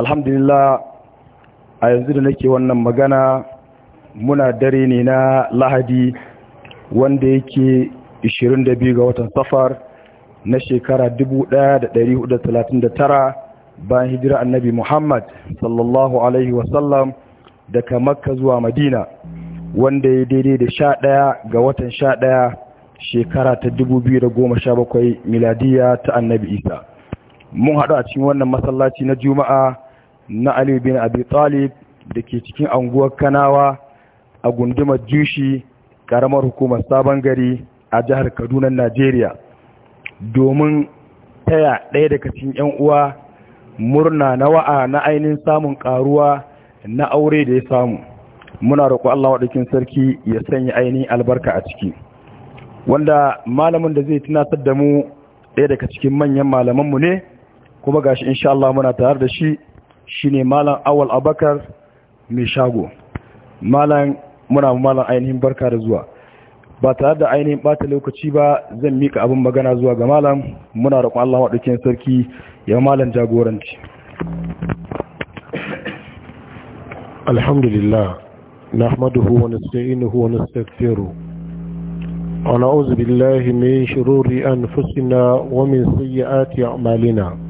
alhamdulillah a yanzu da nake wannan magana muna dare ne na lahadi wanda yake 22 ga watan safar na shekara 1439 bayan hijira annabi muhammad sallallahu alaihi wasallam daga makka zuwa madina wanda ya daidai da 11 ga watan 11 shekara ta 2017 miladiya ta annabi isa mun haɗu a cikin wannan masallaci na juma'a na Ali bin Abi Talib da ke cikin anguwar Kanawa a gundumar Jushi karamar hukumar Sabon Gari a jihar Kaduna Najeriya domin taya ɗaya daga cikin ƴan uwa murna na wa'a na ainihin samun karuwa na aure da ya samu muna roƙo Allah wadakin sarki ya sanya ainihin albarka a ciki wanda malamin da zai tunatar da mu ɗaya daga cikin manyan malamanmu ne kuma gashi insha Allah muna tare da shi shine malam awal abakar mai shago malam muna malam ainihin barka da zuwa ba tare da ainihin bata lokaci ba zan mika abin magana zuwa ga malam muna roƙon Allah waɗakin sarki ya malam jagoranci alhamdulillah nahmaduhu wa nasta'inuhu wa nastaghfiruh wa na'udhu billahi min shururi anfusina wa min sayyiati a'malina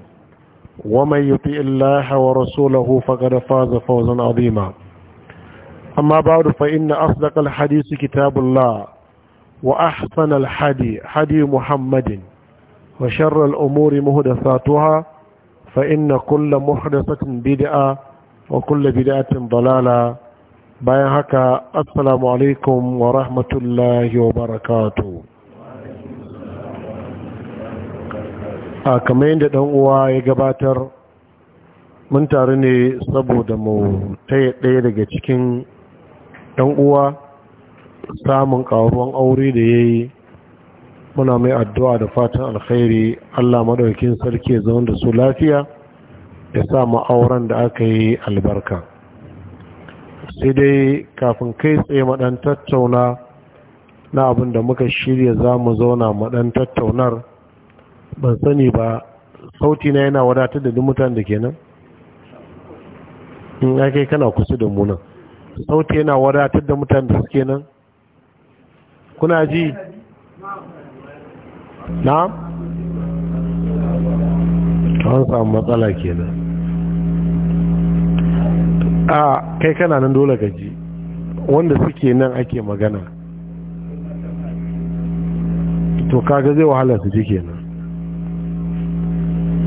ومن يطيع الله ورسوله فقد فاز فوزا عظيما أما بعد فإن أصدق الحديث كتاب الله وأحسن الحدي حدي محمد وشر الأمور مهدثاتها فإن كل محدثة بدعة وكل بدعة ضلالة bayan haka assalamu alaikum wa rahmatullahi wa barakatu a kamar yadda ɗan uwa ya gabatar mun taru ne saboda mu taya ɗaya daga cikin ɗan uwa samun ƙaruwan aure da ya yi muna mai addu'a da fatan alkhairi allah maɗaukin sarki zaune da su lafiya ya sa auren da aka yi albarka sai dai kafin kai tsaye maɗan tattauna na abin da muka shirya za mu zauna maɗan tattaunar ban sani ba sauti na yana wadatar da duk mutanen da ke nan in ake kana kusa da mu nan sauti yana wadatar da mutanen da suke nan kuna ji na an samu matsala kenan a kai kana nan dole gaji wanda suke nan ake magana to kaga zai wahala su ji kenan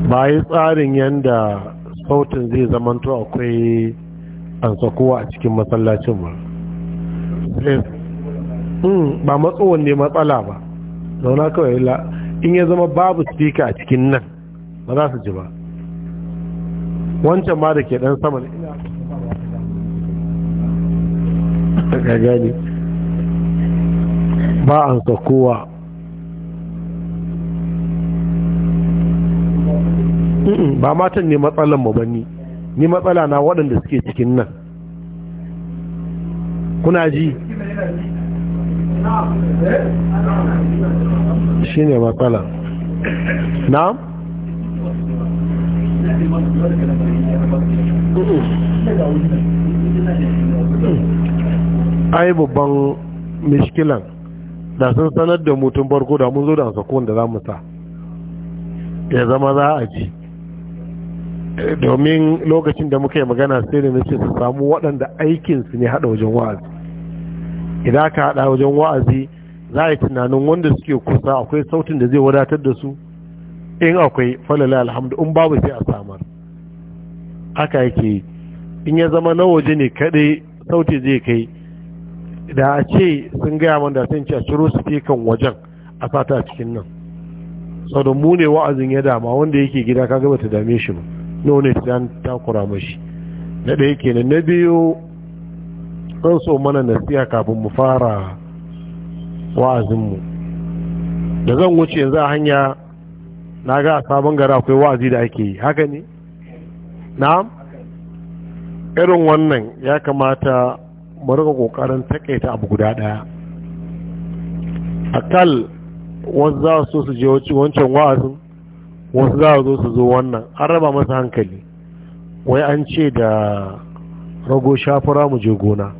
ba yi tsarin yadda sautin zai zamanto akwai an kowa a cikin matsalacin ba eh, hmm, ba matsowar ne matsala ba zauna kawai in ya zama babu spika a cikin nan ba za su ji ba wancan ma da ke dan saman. ina ba an ba matan ne matsalan mu bane ni matsala na waɗanda suke cikin nan kuna ji shine matsala na ai babban mishkilan da sun sanar da mutum barko da mun zo da sakon da za mu sa ya zama za a ji domin lokacin da muka yi magana sai da nace su samu waɗanda aikinsu ne haɗa wajen wa'azi idan ka haɗa wajen wa'azi za a yi tunanin wanda suke kusa akwai sautin da zai wadatar da su in akwai falala alhamdu in babu sai a samar haka yake in ya zama na waje ne kaɗai sauti zai kai da a ce sun gaya man da sun ce a ciro su kan wajen a fata cikin nan sau da mu ne wa'azin ya dama wanda yake gida ka gaba ta dame shi ba nune ta takura mashi na ɗaya kenan na biyu an so mana nasiya kafin mu fara wa'azinmu da zan wuce yanzu a hanya na ga sabon gara akwai wa'azi da ake yi haka ne na'am irin wannan ya kamata mu rika kokarin takaita abu guda daya akal wanzu za su je wancan wa'azin wasu za zo su zo wannan an raba masa hankali wai an ce da rago shafura mu je gona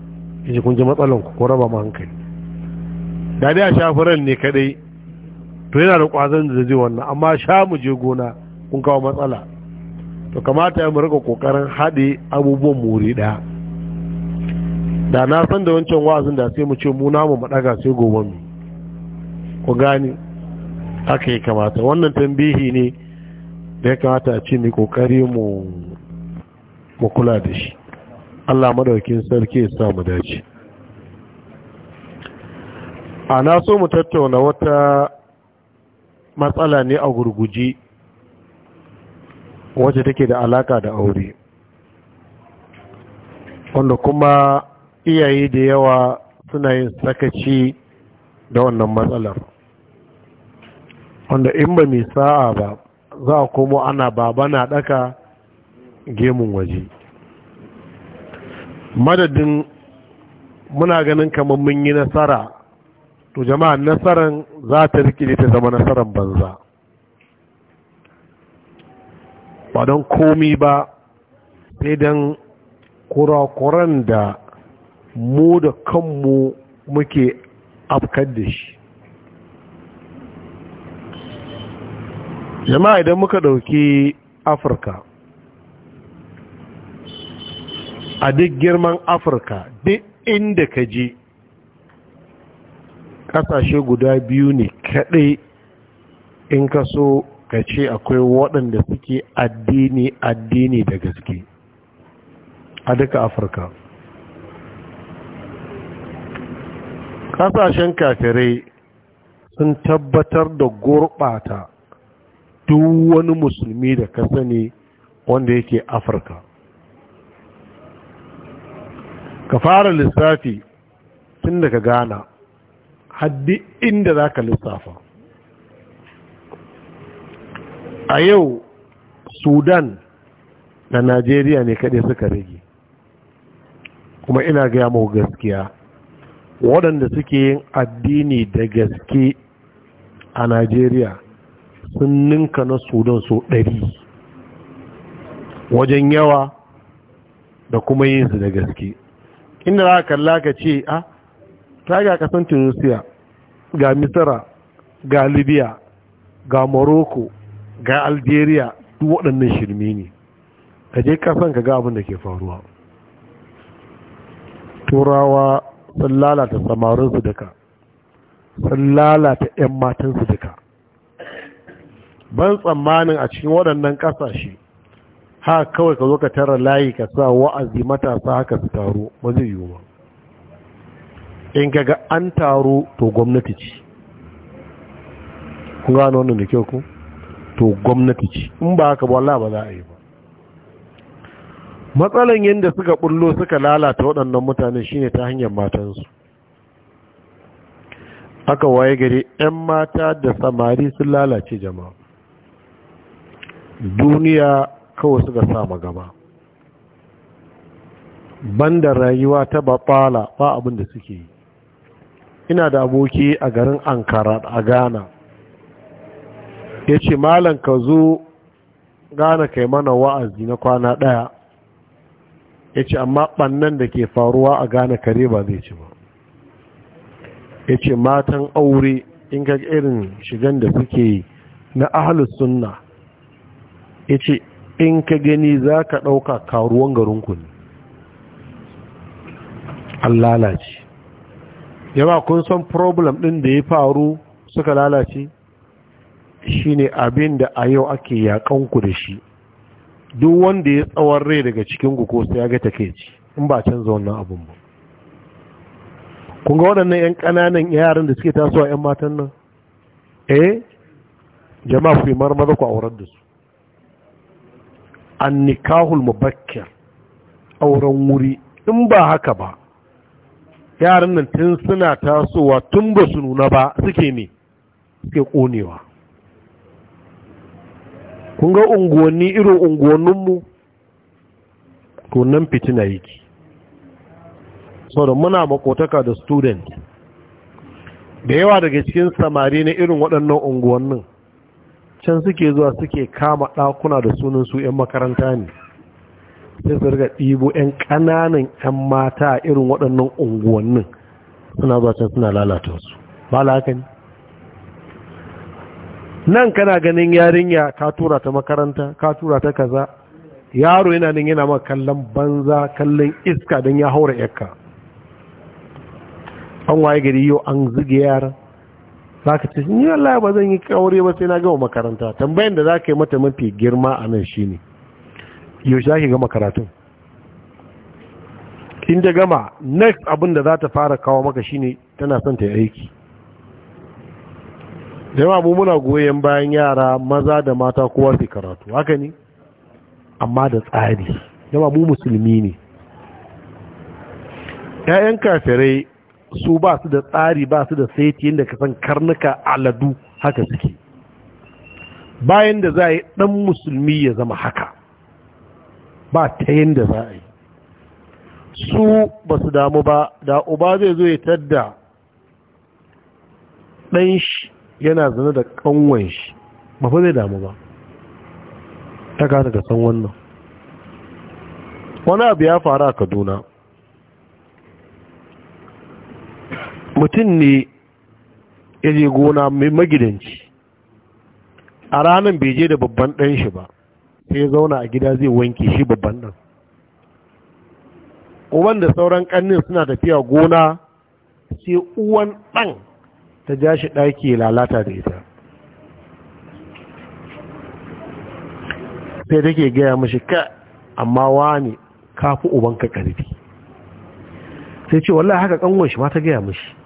in ji kunji matsalan ku ko raba mu hankali da dai a shafuran ne kadai to yana da kwazon da zai wannan amma sha mu je gona kun kawo matsala to kamata ya mu rika kokarin haɗe abubuwan muri ɗaya da na san da wancan wa'azin da sai mu ce mu namu mu daga sai gobe mu ku gani aka yi kamata wannan tambihi ne da ya kamata a ce mai kokari mu kula da shi Allah madaukin sarki ya samu dace a na so mu tattauna wata matsala ne a gurguji wacce take da alaka da aure wanda kuma iyaye da yawa suna yin sakaci da wannan matsalar wanda in ba mai sa'a ba za a komo ana baba na ɗaka gemun waje madadin muna ganin kamar mun yi nasara to jama'a nasaran za ta rikide ta zama nasaran banza ba don komi ba sai don kurakuran da mu da kanmu muke afkar da shi jama'a idan muka ɗauki afirka a duk girman afirka duk inda ka je ƙasashe guda biyu ne kaɗai in ka so ka ce akwai waɗanda suke addini addini da gaske a duka afirka ƙasashen kafirai sun tabbatar da gurɓata duk wani musulmi da ka sani wanda yake afirka ka fara lissafi tun daga ghana haddi inda za ka lissafa a yau sudan da najeriya ne kaɗai suka rage kuma ina gaya mu gaskiya waɗanda suke yin addini da gaske a najeriya sun ninka na sudan so ɗari wajen yawa da kuma yin su da gaske inda za ka kalla ka ce a ah, ta ga kasan tunisia ga misira ga libya ga morocco ga algeria duk waɗannan shirme ne ka je kasan ka ga abin da ke faruwa turawa sun lalata samarinsu duka sun lalata 'yan matansu duka ban tsammanin a cikin waɗannan ƙasashe ha kawai ka zo ka tara layi ka sa wa'azi matasa haka su taro ba zai yiwu ba in ka ga an taro to gwamnati ce kun gano wannan da kyau ku to gwamnati ce in ba haka ba ba za a yi ba matsalan yadda suka bullo suka lalata waɗannan mutane shine ta hanyar matansu aka waye gari 'yan mata da samari sun lalace jama'a duniya kawai suka sama gaba banda rayuwa ta babbala ba abin da suke yi ina da aboki a garin ankara a ghana ya ce malam ka zo ghana kai mana wa'azi na kwana ɗaya ya ce amma bannan da ke faruwa a ghana kare ba zai ci ba ya ce matan aure in ga irin shigan da suke yi na ahalus sunna ya ce in ka gani za ka ɗauka karuwan garinku ne an lalace yawa kun san problem ɗin da ya faru suka lalace shi ne abin da a yau ake ku da shi duk wanda ya tsawon rai daga cikinku ko sai ya ga takeici in ba canza wannan abin ba kun waɗannan 'yan ƙananan yaran da suke tasowa 'yan matan nan eh jama'a ku marmar ku a aurar da su an nikahul mubakkir auren wuri in ba haka ba yaran nan tun suna tasowa tun ba su nuna ba suke ne suke konewa kun ga unguwanni irin unguwanninmu tunan fitina yake saboda muna makotaka da student da yawa daga cikin samari na irin waɗannan unguwannin can suke zuwa suke kama ɗakuna da sunan su 'yan makaranta ne sai su riga ɗibo 'yan ƙananan 'yan mata a irin waɗannan unguwannin suna zuwa can suna lalata su ba haka ne nan kana ganin yarinya ka tura ta makaranta ka tura ta kaza yaro yana nan yana ma kallon banza kallon iska don ya haura yakka an waye gari yau an zige yaran za ka ce ni wallahi ba zan yi kaure ba sai na gama makaranta tambayan da za ka yi mata mafi girma a nan shi ne yaushe za ki gama karatun in da gama next abin da za ta fara kawo maka shi ne tana son ta yi aiki yawa mu muna goyon bayan yara maza da mata kowa su karatu haka ne amma da tsari jama'a mu musulmi ne 'ya'yan kafirai su ba su da tsari ba su da saiti yadda ka san karnuka aladu haka suke bayan da za a yi ɗan musulmi ya zama haka ba ta yadda za a yi su ba su damu ba da uba zai zo ya tadda ɗan shi yana zane da ƙanwan shi ba fa zai damu ba ta kasa ka san wannan wani abu ya faru a kaduna mutum ne ya je gona mai magidanci a ranar bai je da babban ɗan shi ba sai ya zauna a gida zai wanke shi babban ɗan uban da sauran ƙannin suna tafiya gona sai uwan ɗan ta ja shi ɗaki lalata da ita sai take gaya mashi ka amma wani kafi ka ƙarfi sai ce wallahi haka ƙanwar ma ta gaya mashi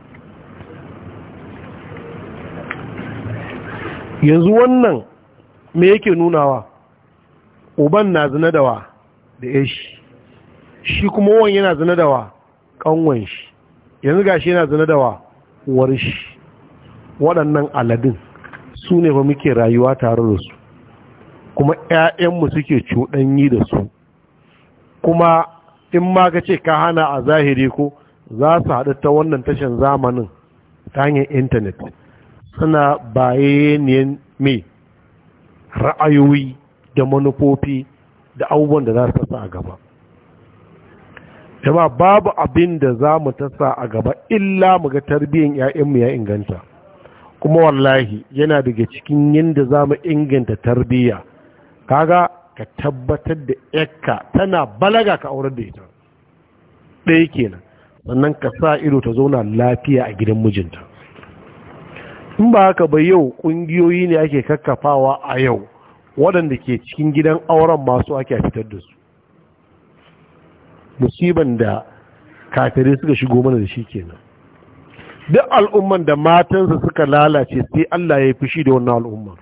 yanzu wannan me yake nunawa uban na zina da wa da ya shi shi kuma wani yana zina da wa kanwan shi yanzu ga shi yana zina da wa war shi waɗannan aladun su ne ba muke rayuwa tare da su kuma 'ya'yanmu suke cuɗanyi da su kuma in ma ka ce ka hana a zahiri ko za su haɗu ta wannan tashin zamanin ta hanyar intanet suna bayaniyan mai ra'ayoyi da manufofi da abubuwan da za su tasa a gaba Yaba babu abin da za mu tasa a gaba illa mu ga tarbiyyar 'ya'yanmu ya inganta kuma wallahi yana daga cikin yadda za mu inganta tarbiyya kaga ka tabbatar da yakka tana balaga ka aurar da ita ɗaya kenan sannan ka sa ido ta zauna lafiya a gidan mijinta in ba haka ba yau ƙungiyoyi ne ake kakkafawa a yau waɗanda ke cikin gidan auren masu ake fitar da su musiban da kafirai suka shigo mana da shi kenan duk al'umman da matansa suka lalace sai Allah ya fushi da wannan al'umma.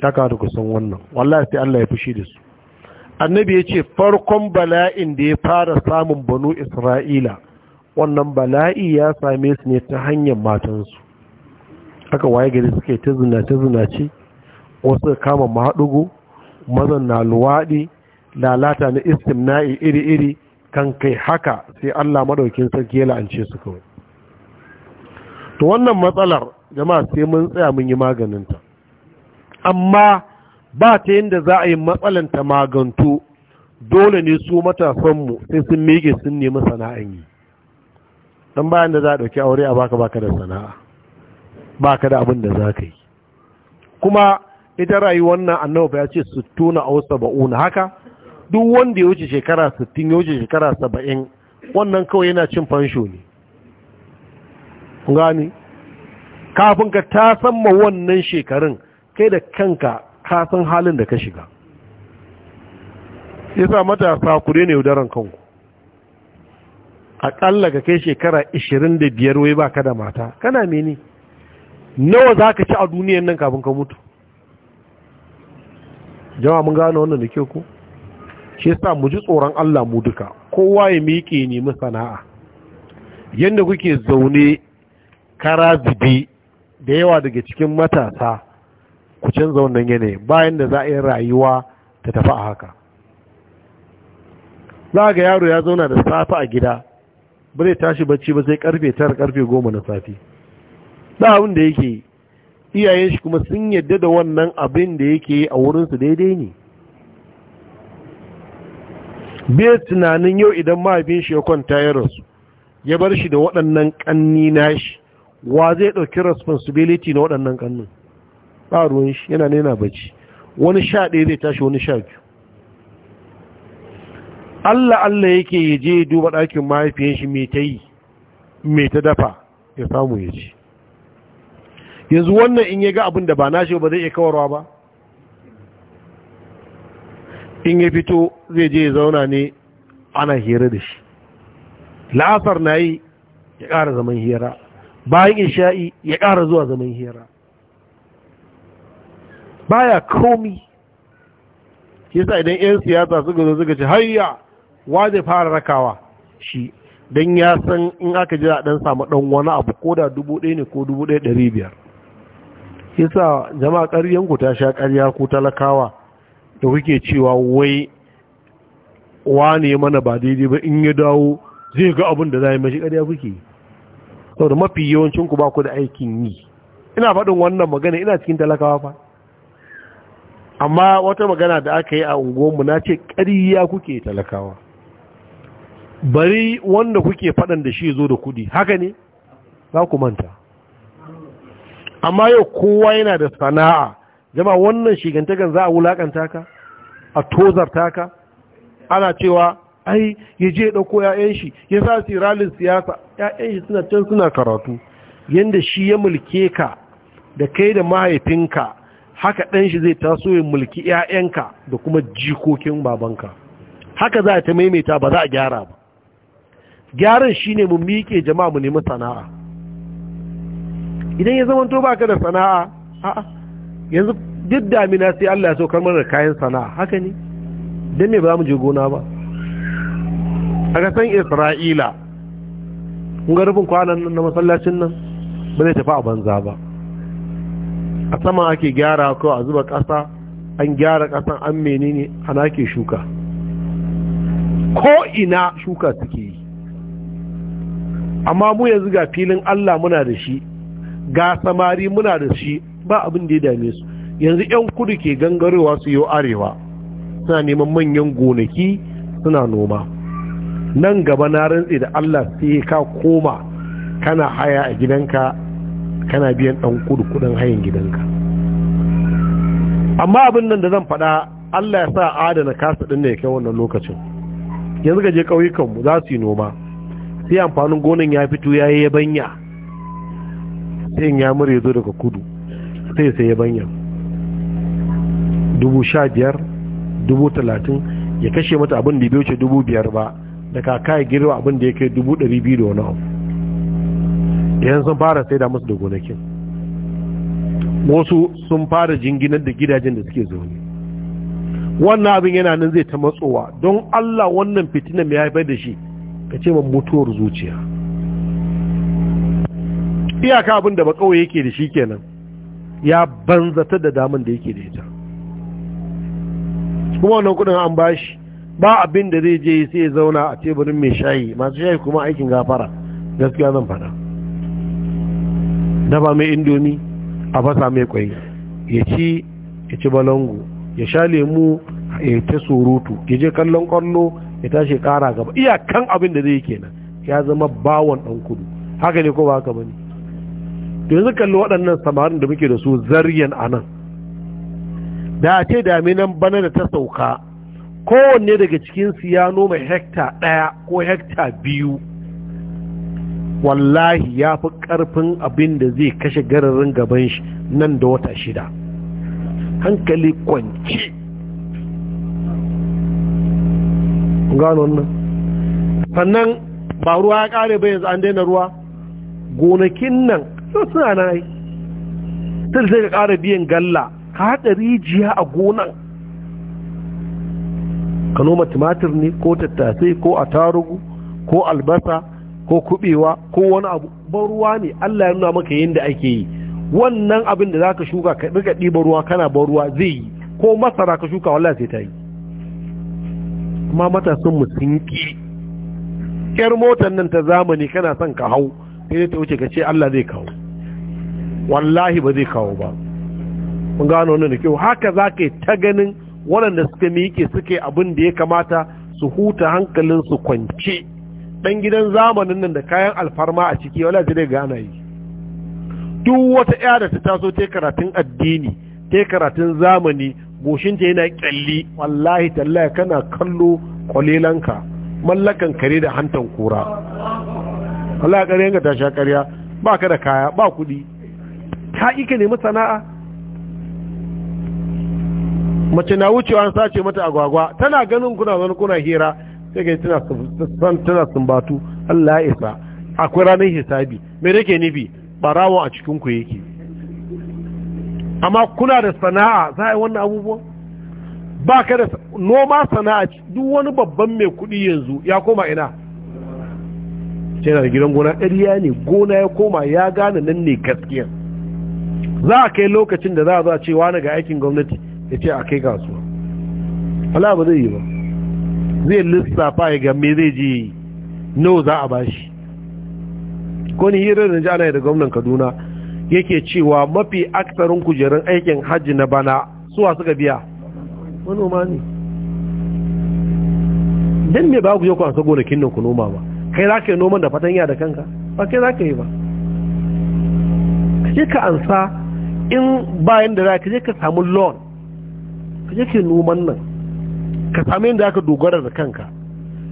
ta kawo da kusan wannan wallahi sai Allah ya fushi da su annabi ya ce farkon bala'in da ya fara samun banu isra'ila wannan bala'i ya same su ne ta hanyar matansu Haka waye gari suka yi ta zinace zinace wasu kama mahaɗugu mazan na luwaɗi lalata na istimna'i iri-iri kan kai haka sai Allah maɗaukin sarki ya la'ance su kawai to wannan matsalar jama'a sai mun tsaya mun yi maganinta amma ba ta yadda za a yi matsalanta magantu dole ne su matasanmu sai sun mege sun nemi sana'an yi don bayan da za a ɗauki aure a baka baka da sana'a ba ka da abin da za ka yi kuma ita rayu wannan annaba ya ce su tuna wasu aw na haka duk wanda ya wuce shekara sittin ya wuce shekara saba'in wannan kawai yana cin fansho ne gani kafin ka ta samma wannan shekarun kai da kanka ka san halin da ka shiga sa matasa ku ne yaudaran kanku aƙalla ka kai shekara 25 wai ba ka da mata kana mene nawa za ka ci a duniyan nan kafin ka mutu jama'a mun gano wannan da ke ku shi sa mu ji tsoron Allah mu duka kowa ya miƙe nemi sana'a yadda kuke zaune kara zube da yawa daga cikin matasa ku canza wannan yanayi bayan da za a yi rayuwa ta tafi a haka za ga yaro ya zauna da safe a gida ba zai tashi bacci ba sai karfe tara karfe goma na safe ba abin da yake iyayen shi kuma sun yadda da wannan abin da yake a wurinsu daidai ne biya tunanin yau idan mahaifin shi ya kwanta ya rasu ya bar shi da waɗannan ƙanni na shi wa zai ɗauki responsibility na waɗannan ƙannin ba ruwan shi yana nena bacci wani sha ɗaya zai tashi wani sha biyu Allah Allah yake ya je duba ɗakin mahaifiyarshi shi mai ta yi mai ta dafa ya samu ya ci yanzu wannan in ya ga abin da ba nashi ba zai iya kawarwa ba in ya fito zai je ya zauna ne ana hira da shi la'asar na yi ya ƙara zaman hira bayan isha'i ya ƙara zuwa zaman hira baya komi yasa idan 'yan siyasa suka zo suka ce hayya wa zai fara rakawa shi don ya san in aka jira a ɗan samu ɗan wani abu ko da dubu ɗaya ne ko dubu ɗaya ɗari biyar yasa jama'a ƙaryan ku ta sha ƙarya ku talakawa da kuke cewa wai wane mana ba daidai ba in ya dawo zai ga abin da zai mashi ƙarya kuke da mafi yawancin ku ba ku da aikin yi ina faɗin wannan magana ina cikin talakawa fa amma wata magana da aka yi a unguwanmu na ce ƙarya kuke talakawa bari wanda kuke faɗan da shi zo da kuɗi, haka ne za ku manta amma yau kowa yana da sana'a jama wannan shigantakar za a wulakanta ka a tozarta ka ana cewa ai ya je ɗauko ‘ya'yan shi ya sa siralin siyasa ‘ya'yan shi suna can suna karatu yadda shi ya mulke ka da kai da mahaifinka haka ɗan shi zai taso ya mulki ‘ya'yanka da kuma jikokin babanka haka za a ta maimaita ba za a gyara ba gyaran shi ne mu miƙe jama'a mu nemi sana'a idan ya zama to baka da sana'a a'a yanzu duk damina sai Allah ya saukar mana kayan sana'a haka ne dan me ba mu je gona ba aka san Isra'ila kun ga rufin kwanan nan na masallacin nan ba zai tafi a banza ba a sama ake gyara ko a zuba kasa. an gyara kasan an menene ana ke shuka ko ina shuka suke yi amma mu yanzu ga filin Allah muna da shi ga samari muna da shi ba abin da ya dame su yanzu 'yan kudu ke gangarowa su yi arewa suna neman manyan gonaki suna noma nan gaba na rantse da allah sai ka koma kana haya a gidanka kana biyan dan kudu kudin hayan gidanka amma abin nan da zan faɗa allah ya sa adana kasa ɗin da ya kai wannan lokacin yanzu gaje ƙauyukanmu za su yi noma sai amfanin gonan ya fito ya yi yabanya sai ya mura ya zo daga kudu sai sai banya dubu sha biyar dubu talatin ya kashe mata abin da ya wuce dubu biyar ba da kaka ya girma abin da ya kai dubu ɗari biyu da wani abu yan sun fara sai da musu da gonakin wasu sun fara jinginar da gidajen da suke zaune wannan abin yana nan zai ta matsowa don allah wannan fitina mai haifar da shi ka ce ma mutuwar zuciya iyaka abin da bakawai yake da shi kenan ya banzata da daman da yake da ita kuma wannan kudin an shi ba abin da zai je sai ya zauna a teburin mai shayi masu shayi kuma aikin gafara gaskiya zan fada ba mai indomi a fasa mai kwai ya ci ya ci balangu ya sha lemu ya ta surutu ya je kallon kwallo ya tashi kara gaba iyakan abin da zai kenan ya zama bawon dan kudu haka ne ko ba haka bane to yanzu kalli waɗannan samarin da muke da su zaryan a nan da ce daminan bana da ta sauka kowanne daga cikinsu ya noma hekta ɗaya ko hekta biyu wallahi ya fi ƙarfin abin da zai kashe gararin gaban shi nan da wata shida hankali kwanci gano nan sannan ba ruwa ya ƙare ba yanzu an daina ruwa gonakin nan so suna na yi ta zai ka ƙara biyan galla ka haɗa rijiya a gonan ka noma tumatir ne ko tattasai ko a tarugu ko albasa ko kuɓewa ko wani abu ban ne Allah ya nuna maka yadda ake yi wannan abin da za ka shuka ka ɗaga ɗiba ruwa kana ban zai yi ko masara ka shuka wallah sai ta yi amma matasan mu sun ƙi. yar motar nan ta zamani kana son ka hau sai ta wuce ka ce Allah zai kawo wallahi ba zai kawo ba mun gano wannan da kyau haka za ka yi ta ganin waɗanda suka miƙe suke abin da ya kamata su huta hankalin su kwance ɗan gidan zamanin nan da kayan alfarma a ciki wala zai daga yi duk wata ya da ta taso ta karatun addini ta karatun zamani ta yana kyalli wallahi tallaya kana kallo kwalelanka mallakan kare da hantan kura wallahi ƙarya yanka ta sha ƙarya ba ka da kaya ba kuɗi ka ike nemi sana'a mace na wucewa an sace mata agwagwa tana ganin kuna zan kuna hira sai ga tana san tana sumbatu Allah ya isa akwai ranar hisabi me nake nufi barawo a cikin ku yake amma kuna da sana'a za a yi wannan abubuwa ba ka da noma sana'a duk wani babban mai kuɗi yanzu ya koma ina yana da gidan gona ɗariya ne gona ya koma ya gane nan ne gaskiya za a kai lokacin da za a zo a ce wani ga aikin gwamnati ya ce a kai kasuwa wala ba zai yi ba zai lissafa ya game zai je no za a bashi ko ni hirar da ji ana da gwamnan kaduna yake cewa mafi aksarin kujerun aikin hajji na bana suwa suka biya manoma ne don me ba ku yi kwanso gonakin nan ku noma ba kai za ka yi noman da fatanya da kanka ba kai za ka yi ba ka ka ansa in bayan da za ka je ka samu loan ka je ke noman nan ka samu yadda ka dogara da kanka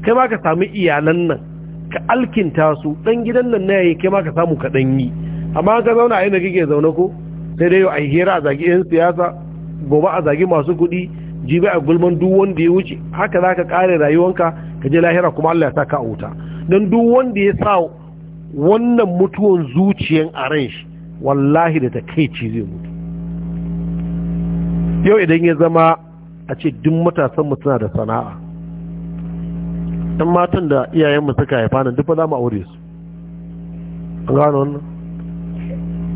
kai ma ka samu iyalan nan ka alkinta su ɗan gidan nan na yayi kai ma ka samu ka dan yi amma ka zauna a yadda kake zaune ko sai dai yau a hira a zagi yan siyasa gobe a zagi masu kuɗi jibi a gulman duk wanda ya wuce haka za ka kare rayuwanka ka je lahira kuma Allah ya sa ka a wuta don duk wanda ya sa wannan mutuwan zuciyan a ran shi wallahi da kai zai mutu yau idan ya zama a ce duk matasan suna da sana'a ɗan matan da iyayenmu suka haifa nan duk za mu aure su an gano wannan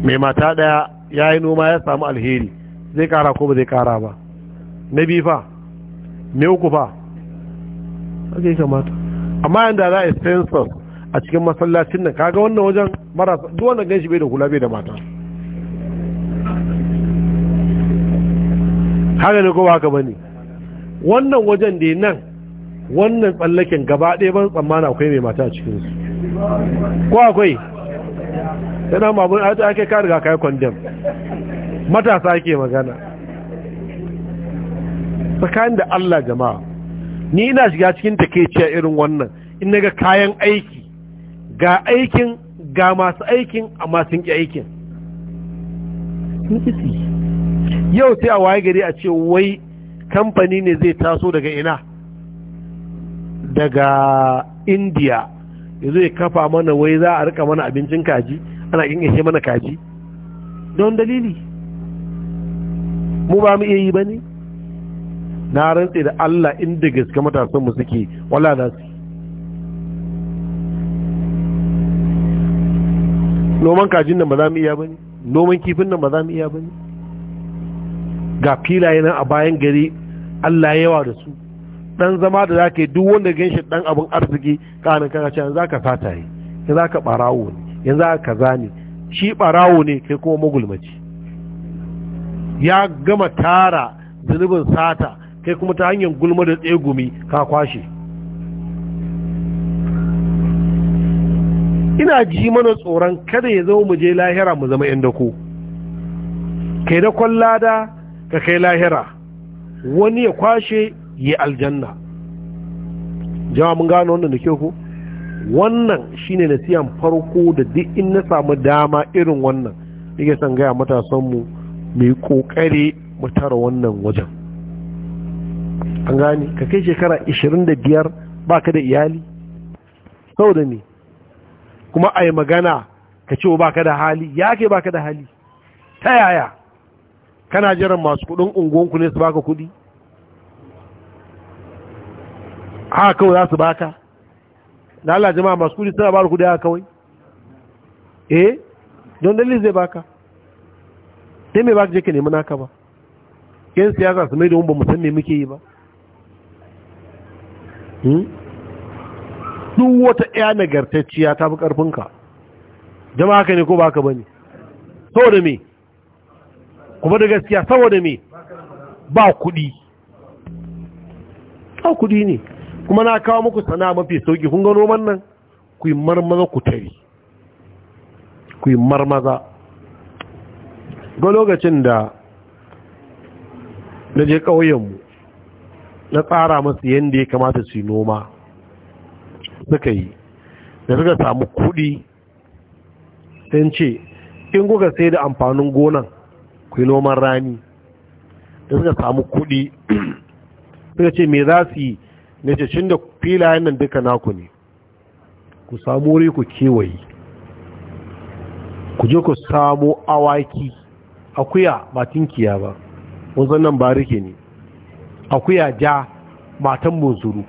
mai mata ɗaya ya yi noma ya samu alheri zai kara ko ba zai kara ba na biyu fa na uku fa zai kamata amma yadda za a yi sensor a cikin masallacin nan kaga wannan wajen marasa duk wanda ganshi bai da hula bai da mata haka ne ko haka bane wannan wajen da nan wannan tsallaken gaba ɗaya ban tsammana akwai mai mata a cikin su ko akwai yana mabun aji ake ka ga kai kwandam matasa ake magana tsakanin da Allah jama'a ni ina shiga cikin takeiciya irin wannan in naga kayan aiki ga aikin ga masu aikin a sun ƙi aikin yau sai a waye gari a ce wai kamfani ne zai taso daga ina daga Indiya. ya ya kafa mana wai za a rika mana abincin kaji ana ishe mana kaji don dalili mu ba mu iya yi ba ne na rantse da allah inda gaske matasan mu suke wala za su noman kajin nan ba za mu iya ba ne noman kifin nan ba za mu iya ba ne ga filaye nan a bayan gari allah yawa da su dan zama da za ka yi duk wanda gan shi dan abin arziki kanin kana ce yanzu za ka fata yi yanzu za ka barawo ne yanzu za ka kaza ne shi barawo ne kai kuma magulmaci ya gama tara zunubin sata kai kuma ta hanyar gulma da tsegumi ka kwashe ina ji mana tsoron kada ya zama mu lahira mu zama yan dako kai da lada ka kai lahira wani ya kwashe ya aljanna jama mun gano wannan da ke ku wannan shine na siyan farko da duk in na samu dama irin wannan yake son gaya matasanmu mai kokari mu tara wannan wajen an gani ka kai shekara 25 baka da iyali saboda ne kuma a yi magana ka ce ba ka da hali ya ke ba ka da hali ta yaya kana jiran masu kudin unguwanku ne su baka kudi haka kawai za su baka na Allah jama'a masu kudi suna ba kudi haka kawai eh don dalil zai baka sai mai baka je ka nemi ba yin siyasa su mai da wumba ba musamman muke yi ba hmm? duk wata ya nagartacciya ta fi ƙarfinka jama haka ne ko ba ka ba ne saboda me kuma da gaskiya saboda me ba kuɗi ba kuɗi ne kuma na kawo muku sana mafi sauƙi kun gano man nan ku yi marmaza ku tari ku yi marmaza ga lokacin da na je ƙauyenmu na tsara masu yadda ya kamata su yi noma suka yi da suka samu kuɗi sun ce in kuka sai da amfanin gonan ku yi noman rani da suka samu kuɗi suka ce me za su yi na cin da filayen nan duka naku ne ku samu wuri ku kewaye ku je ku samu awaki akuya ba tinkiya ba wanzan nan rike ne akuya ja matan bunzuru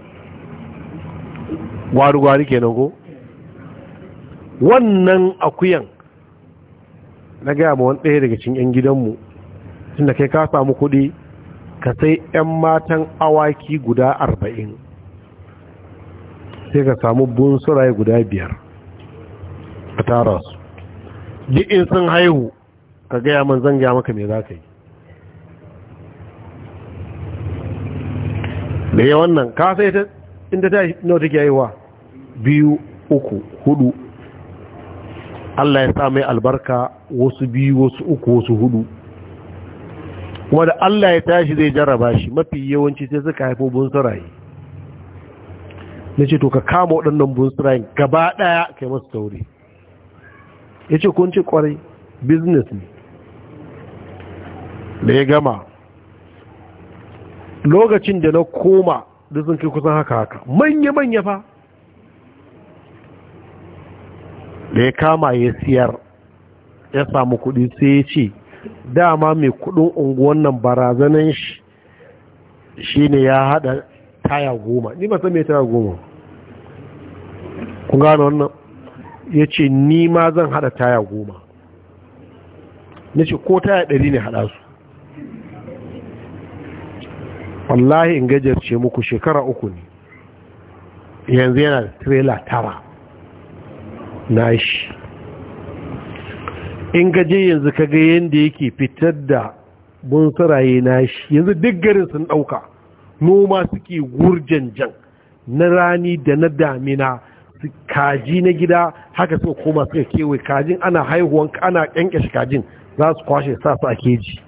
gwari-gwari kenan ko wannan akuyan na gaya ma wani ɗaya daga cin 'yan gidanmu tunda kai ka samu kuɗi ka sai 'yan matan awaki guda arba'in sai ka samu bunsuraye guda biyar a tara su duk in sun haihu ka gaya man zan gaya maka me za ka yi da yi wannan ka sai inda ta nawa take haihuwa biyu uku hudu Allah ya sa mai albarka wasu biyu wasu uku wasu hudu kuma da Allah ya tashi zai jarraba shi mafi yawanci sai suka haifo bunsurai na ce to ka kama waɗannan bunsurai gaba ɗaya kai masu taure ya ce kun ci kwarai business ne da ya gama lokacin da na koma da sun kai kusan haka haka manya-manya fa da ya kama ya siyar ya samu kuɗi sai ya ce dama mai kuɗin unguwan nan barazanan shi shine ya haɗa taya goma ni ba san mai taya goma kun gane wannan ya ce ni ma zan haɗa taya goma na ce ko taya ɗari ne haɗa su wallahi in gajarce muku shekara uku ne yanzu yana da trailer tara nashi in gaje yanzu kaga yadda yake fitar da bunsuraye nashi yanzu duk garin sun ɗauka noma suke gurjanjan na rani da na damina kaji na gida haka suka koma suka kewaye kajin ana haihuwan ana kyankyashe kajin za su kwashe sa su a keji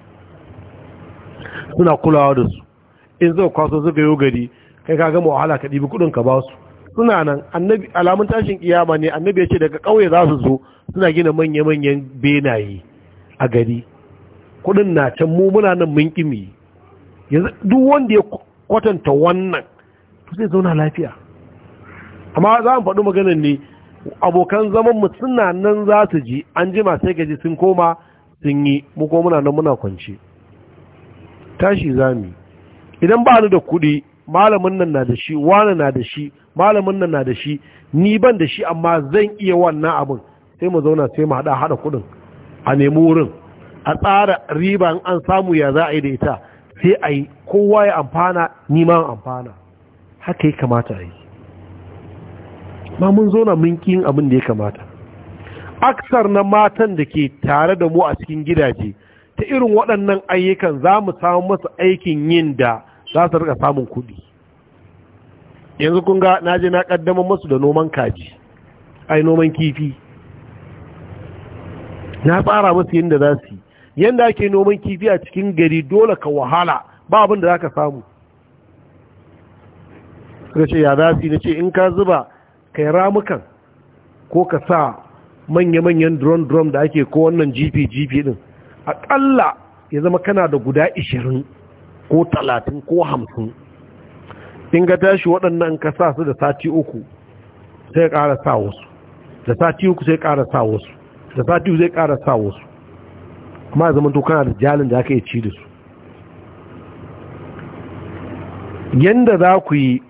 suna kulawa da su in zai kwaso zai yi gari kai ka gama wahala ka ɗibi kudin ka ba su suna nan annabi alamun tashin kiyama ne annabi ya ce daga ƙauye za su zo suna gina manya-manyan benaye a gari kudin na can mu muna nan mun kimi yanzu duk wanda ya kwatanta wannan to zai zauna lafiya amma za mu faɗi maganar ne abokan zaman mu suna nan za su ji an jima sai gaji sun koma sun yi mu ko muna nan muna kwance tashi zami idan ba ni da kuɗi malamin nan na da shi wani na da shi malamin nan na da shi ni ban da shi amma zan iya wannan abin sai mu zauna sai mu haɗa haɗa kuɗin a nemi wurin a tsara riba in an samu ya za a yi da ita sai a yi kowa ya amfana ni ma amfana haka ya kamata a yi ma mun zauna mun ƙin abin da ya kamata aksar na matan da ke tare da mu a cikin gidaje ta irin waɗannan ayyukan za mu samu masu aikin yin da za su rika samun kuɗi yanzu kun ga na je na ƙaddamar masu da noman kaji ai noman kifi na tsara masu yadda za su yi yadda ake noman kifi a cikin gari dole ka wahala ba abin da za ka samu suka ce ya za su na ce in ka zuba kai ramukan ko ka sa manya-manyan drum-drum da ake ko wannan gp-gp din aƙalla ya zama kana da guda ishirin ko talatin ko hamsin in ga tashi waɗannan ka sa su da sati uku sai ƙara sa wasu da sati uku sai ƙara sa wasu da sati uku sai ƙara sa wasu kuma zaman to kana da jalin da aka yi ci da su Yadda za ku yi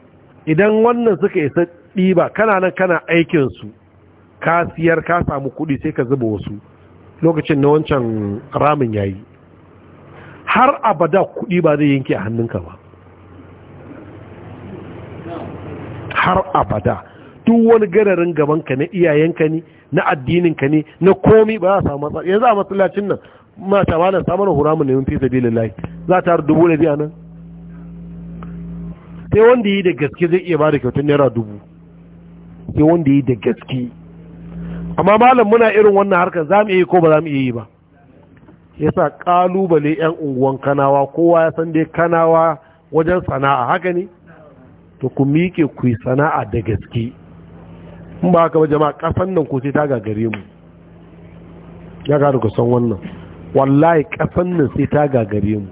idan wannan suka isa ɗiba kana nan kana aikinsu ka siyar ka samu kuɗi sai ka zuba wasu lokacin na wancan ramin yayi har abada kuɗi ba zai yanke a hannunka ba har abada duk wani gararin gabanka na iyayenka ne na addininka ne na komi ba za a samu matsala yanzu a matsalacin nan mata ba na samun hura mu neman fi sabi lillahi za ta dubu na biya nan sai wanda yi da gaske zai iya ba da kyautar naira dubu sai wanda yi da gaske amma malam muna irin wannan harkar za mu iya yi ko ba za mu iya yi ba yasa kalubale yan unguwan kanawa kowa ya san dai kanawa wajen sana'a haka ne to ku miƙe ku yi sana'a da gaske in ba haka ba jama'a kasan nan ko sai ta gagare mu ya gada ku san wannan wallahi kasan nan sai ta gagare mu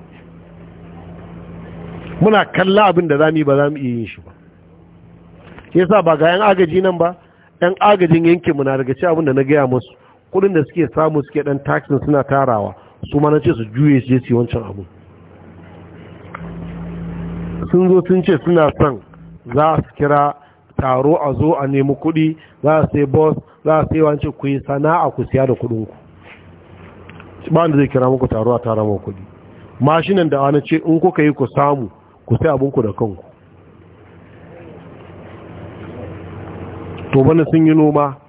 muna kalla abin da zamu yi ba zamu iya yin shi ba yasa ba ga yan agaji nan ba yan agajin yankinmu mu na daga ci abin da na gaya musu kudin da suke samu suke dan taxin suna tarawa su ma na ce su juye su je su wancan abu sun zo sun ce suna son za su kira taro a zo a nemi kuɗi za su yi bus za su yi wancan ku yi sana'a ku siya da kudinku ba wanda zai kira muku taro a tara ma kuɗi mashinan da wani ce in kuka yi ku samu ku sai abinku da kanku to bana sun yi noma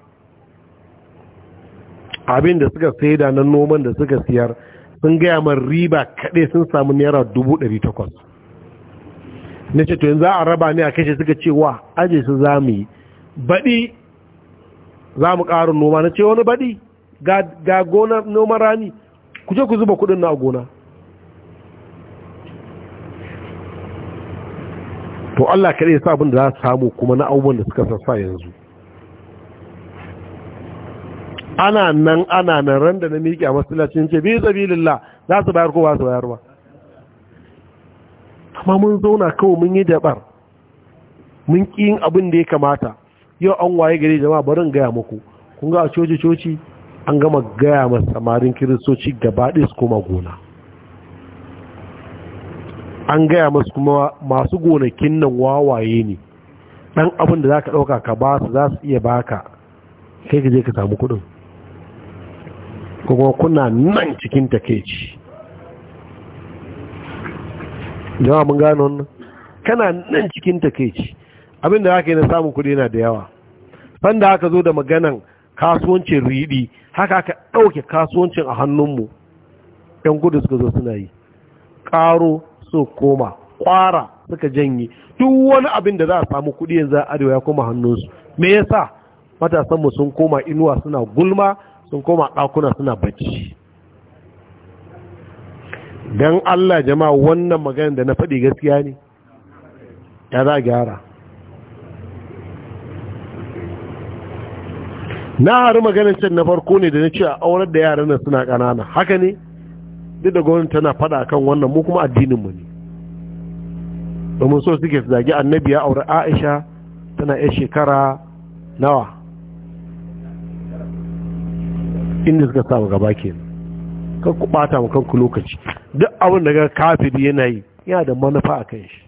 abin da suka saida na noman da suka siyar sun gaya man riba kaɗai sun samu naira dubu ɗari takwas na ce to yanzu a raba ne a kashe suka ce wa aje su za mu yi baɗi za mu ƙarin noma na ce wani baɗi ga gona noman rani ku je ku zuba kuɗin na gona to Allah kaɗai sa abin da za su samu kuma na abubuwan da suka sassa yanzu ana nan ana nan ran da na miƙe a masallacin ce bi sabilillah za su bayar ko su bayar amma mun zauna kawo mun yi dabar mun ƙi yin abin da ya kamata yau an waye gari jama'a barin gaya muku kun ga a coci coci an gama gaya masu samarin kiristoci gabaɗe su koma gona an gaya masu kuma masu gonakin nan wawaye ne ɗan abin da za ka ɗauka ka ba su za su iya baka kai ka je ka samu kuɗin kuma kuna nan cikin takeici jama'a mun gano wannan kana nan cikin takeici abinda zaka yi na samun kuɗi yana da yawa sanda aka zo da maganan kasuwancin riɗi haka aka ɗauke kasuwancin a hannunmu yan gudu suka zo suna yi ƙaro su koma ƙwara suka janye duk wani abin da za a samu kuɗi yanzu a arewa ya koma hannunsu me yasa matasanmu sun koma inuwa suna gulma sun koma ɗakuna suna bacci don Allah jama'a wannan magana da na faɗi gaskiya ne ya za gyara na haru maganin can na farko ne da na ce a aurar da yaran nan suna ƙanana haka ne duk da gwamnati tana faɗa kan wannan mu kuma addininmu ne domin so suke su zagi annabi ya aure aisha tana 'yan shekara nawa inda suka samu gaba ke kan ku bata mu kanku lokaci duk abin da ga kafiri yana yi yana da manufa a kan shi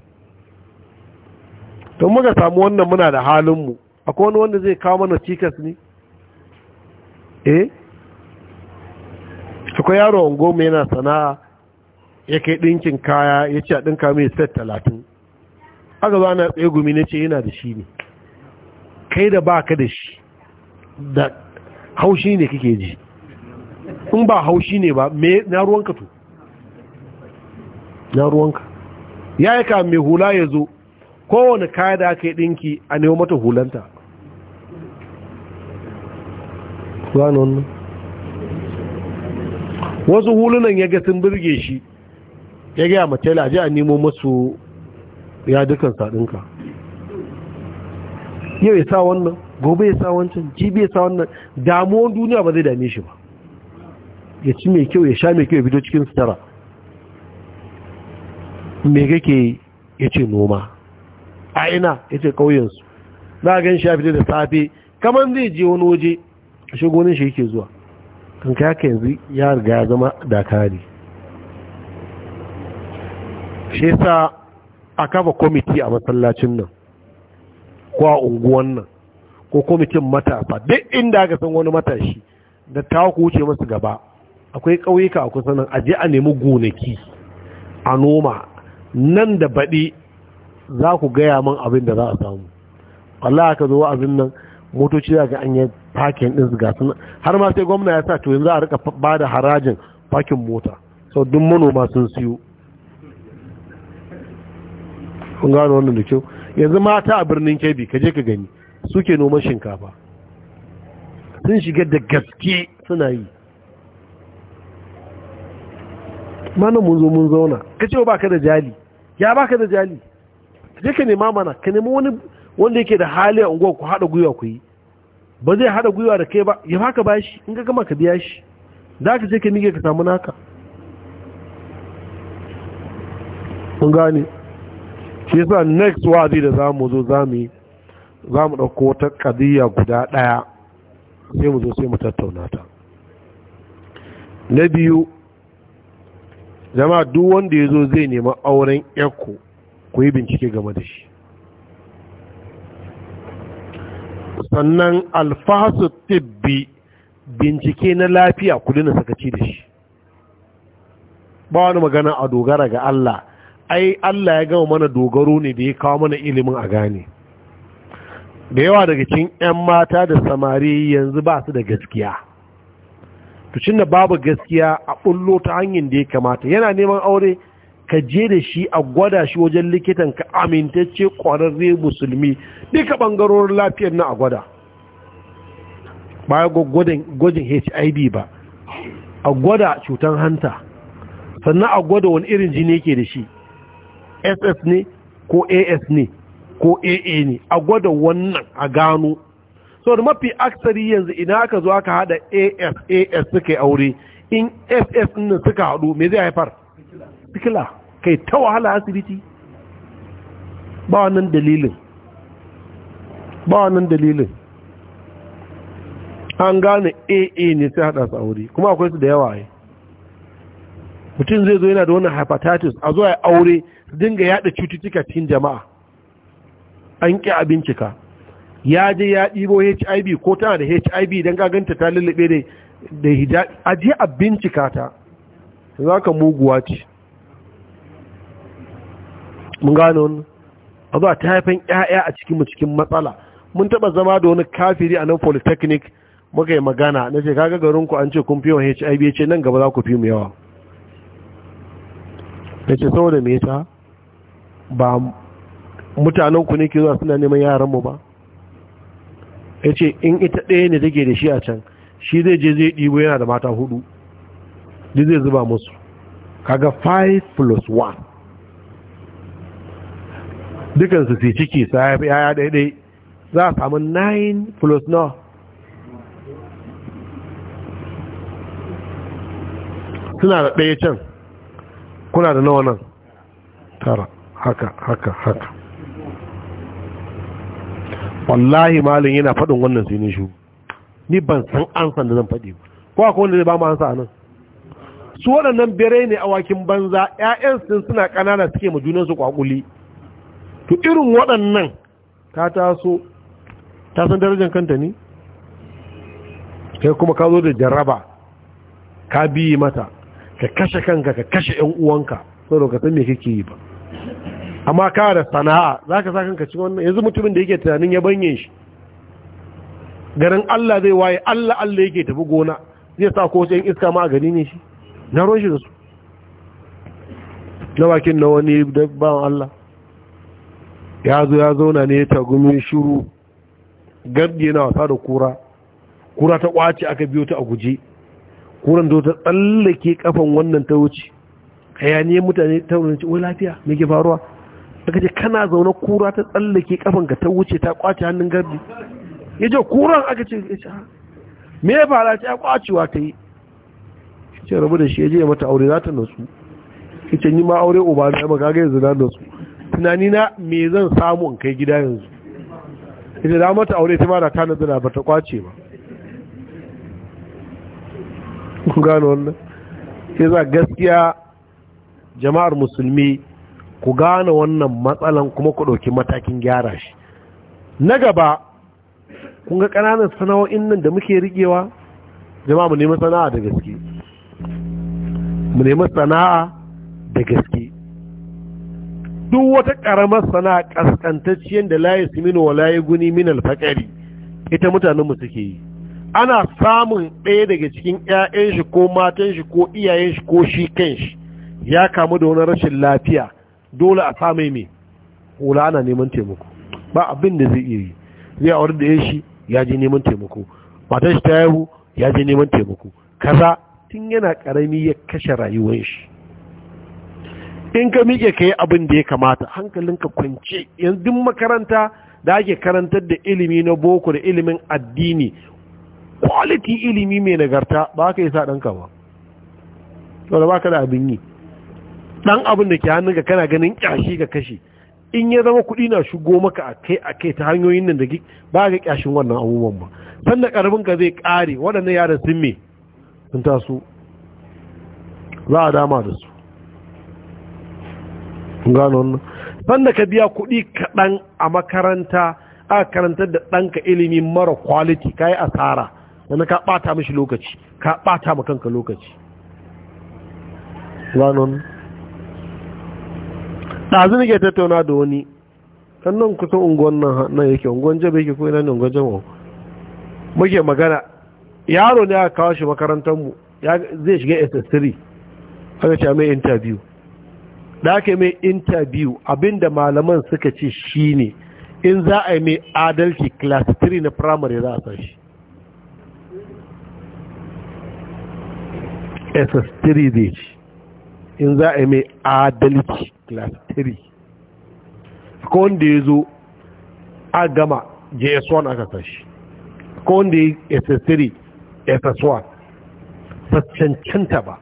to muka samu wannan muna da halin mu akwai wani wanda zai kawo mana cikas ne eh akwai yaro goma yana sana'a ya kai ɗinkin kaya ya ce a ɗinka mai set talatin aka zo ana tsaye gumi na ce yana da shi ne kai da ba ka da shi da haushi ne kake ji in ba haushi ne ba me na ruwanka to na ruwanka ya yi ka mai hula ya zo kowane kaya da aka yi ɗinki a nemo mata hulanta wasu hulunan ya ga sun birge shi ya gaya mace laje a nemo masu ya dukan saɗinka yau ya sa wannan gobe ya sa wancan jibi ya sa wannan damuwan duniya ba zai dame shi ba ya ci mai kyau ya sha mai kyau ya fito cikin sutura me kake ya ce noma a ina ya ce ƙauyensu za gan shi ya fito da safe kamar zai je wani waje a shagonin shi yake zuwa kan ka yanzu ya riga ya zama dakari shi sa a kafa kwamiti a masallacin nan ko a unguwan nan ko kwamitin matasa duk inda aka san wani matashi da ta wuce masu gaba akwai ƙauyuka a kusa nan aje a nemi gonaki a noma nan da baɗi za ku gaya man abin da za a samu Allah ka zo abin nan motoci za ga an yi fakin ɗin su har ma sai gwamna ya sa to yanzu a rika ba da harajin pakin mota sau duk manoma sun siyo kun gano wannan da kyau yanzu mata a birnin kebbi ka je ka gani suke noman shinkafa sun shiga da gaske suna yi mana mun zo mun zauna ka ce ba ka da jali ya ba ka da jali je ka nema mana ka nema wani wanda yake da hali a unguwa ku haɗa gwiwa ku yi ba zai haɗa gwiwa da kai ba ya baka shi in ka gama ka biya shi da ka ce ka nige ka samu naka mun gane shi yasa next wazi da za mu zo za mu za mu ɗauko wata ƙadiyya guda ɗaya sai mu zo sai mu tattauna ta na biyu jama'a duk wanda ya zo zai nema auren yakku ku yi bincike game da shi sannan alfasu tibbi bincike na lafiya kudi na sakaci da shi ba wani magana a dogara ga Allah ai Allah ya gama mana dogaro ne da ya kawo mana ilimin a gane da yawa daga cikin 'yan mata da samari yanzu ba su da gaskiya To da babu gaskiya a ɓullo ta hanyar da ya kamata yana neman aure ka je da shi a gwada shi wajen likitan ka amintacce ƙwararre musulmi duka ɓangarorin lafiyar na a gwada ba gwajin hiv ba a gwada cutan hanta sannan a gwada wani irin jini yake da shi ss ne ko as ne ko aa ne a gwada wannan a gano so da mafi aksari yanzu ina aka zo aka hada as as suka yi aure in ss ɗin suka haɗu me zai haifar sikila kai ta wahala asibiti ba wannan dalilin ba wannan dalilin an gane aa ne sai haɗa su aure kuma akwai su da yawa yi mutum zai zo yana da wannan hepatitis a zuwa aure dinga yada cututtuka cikin jama'a an ƙi abincika. ya je ya ɗibo hiv ko tana da hiv don gaganta ta lullube da hijabi a je a bincika ta za ka muguwa ce mun gano wani a zuwa ta haifan 'ya'ya a cikinmu cikin matsala mun taɓa zama da wani kafiri a nan polytechnic muka yi magana na ce kaga garinku an ce kun fi yawan hiv ce nan gaba za ku fi mu yawa da ce saboda me ta ba mutanenku ne ke zuwa suna neman yaranmu ba ya ce in ita ɗaya ne take da shi a can shi zai je zai ɗibo yana da mata hudu duk zai zuba musu kaga 5 plus 1 dukansu sai ciki sa ya fi yaya ɗaiɗai za a samu 9 plus 9 suna da ɗaya can kuna da nawa nan tara haka haka haka wallahi malin yana faɗin wannan sai ne shi ni ban san ansan da zan faɗi ko akwai wanda zai ba mu ansa nan su waɗannan bere ne a wakin banza ƴaƴan sun suna ƙanana suke ma junan su kwakuli to irin waɗannan ka taso ta san darajar kanta ne kai kuma ka zo da jaraba ka bi mata ka kashe kanka ka kashe ƴan uwanka saboda ka san me kake yi ba amma ka da sana'a za ka sa kanka cikin wannan yanzu mutumin da yake tunanin ya banye shi garin Allah zai waye Allah Allah yake tafi gona zai sa ko sai iska ma a ne shi na ruwan shi da su na bakin na wani bawan Allah ya zo ya zauna ne ya tagumi shuru gardi yana wasa da kura kura ta kwace aka biyo ta a guje kuran da ta tsallake kafan wannan ta wuce hayaniyar mutane ta wuce wai lafiya me ke faruwa daga je kana zaune kura ta tsallake kafanka ta wuce ta kwace hannun gardi ya je kuran aka ce ah, me ya fara ta ah, kwacewa ta yi ce rabu da shi ya je ya mata aure za ta nasu ya ce ni ma aure uba na yamma kaga yanzu na nasu tunani na me zan samu in kai gida yanzu ya ce da mata aure ta mara ta nazina ba ta kwace ba kun gano wannan sai za gaskiya jama'ar musulmi ku gane wannan matsalan kuma ku ɗauki matakin gyara shi na gaba kun ga ƙananan sana'o'in nan da muke riƙewa jama'a mu nemi sana'a da gaske mu nemi sana'a da gaske duk wata ƙaramar sana'a ƙasƙantacciyar da layi simino wa layi guni min alfaƙari ita mutanenmu suke yi ana samun ɗaya daga cikin 'ya'yan shi ko matanshi ko iyayen ko shi kan shi ya kamu da wani rashin lafiya dole a same mai hula ana neman taimako ba abin zai iya yi zai aure da ya shi ya je neman taimako matar shi ta yahu ya je neman taimako kaza tun yana karami ya kashe rayuwar shi in ka miƙe ka yi abin da ya kamata hankalin ka kwance yanzu makaranta da ake karantar da ilimi na boko da ilimin addini quality ilimi mai nagarta ba ka yi sa ɗanka ba ba ka da abin yi dan abin da ke hannun ka kana ganin kyashi ga kashi, in ya zama kuɗi na shigo maka a kai a kai ta hanyoyin nan da ba ga kyashin wannan abubuwan ba sannan karbin ka zai ƙare waɗannan yaran sun me sun taso za a dama da su gano wannan sanda ka biya kuɗi kaɗan a makaranta aka karantar da ɗanka ilimi mara kwaliti ka yi asara wani ka ɓata mishi lokaci ka ɓata ma kanka lokaci gano wannan ɗazu nake tattauna da wani ɗan nan kusa unguwan nan yake unguwan jabe yake kuma nan ne unguwan jama'a muke magana yaro ne aka kawo shi makarantarmu zai shiga ss3 aka ce mai interview da aka mai interview abinda malaman suka ce shi ne in za a yi mai adalci class 3 na primary za a san shi ss3 zai ci in za a yi mai adalci class 3 ko wanda ya zo a gama js1 aka kashi ko wanda ya yi ss3 ss1 ba cancanta ba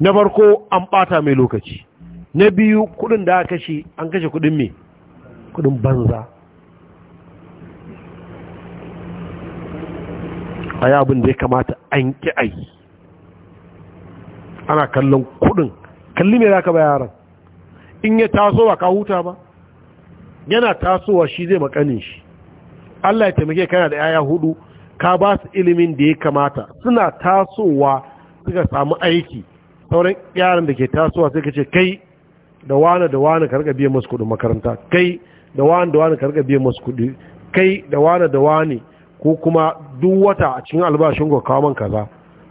na farko an bata mai lokaci na biyu kudin da aka kashe an kashe kudin mai kudin banza a yi abin da ya kamata an ki ai ana kallon kudin kalli me zaka ba yaran in ya taso ba ka huta ba yana tasowa shi zai makanin shi Allah ya taimake kana da yaya hudu ka ba su ilimin da ya kamata suna tasowa suka samu aiki sauran yaran da ke tasowa sai ka ce kai da wani da wani ka rika biyan masu makaranta kai da wani da wani ka rika biyan masu kai da wani da wani ko kuma duk wata a cikin albashin ka kawo man kaza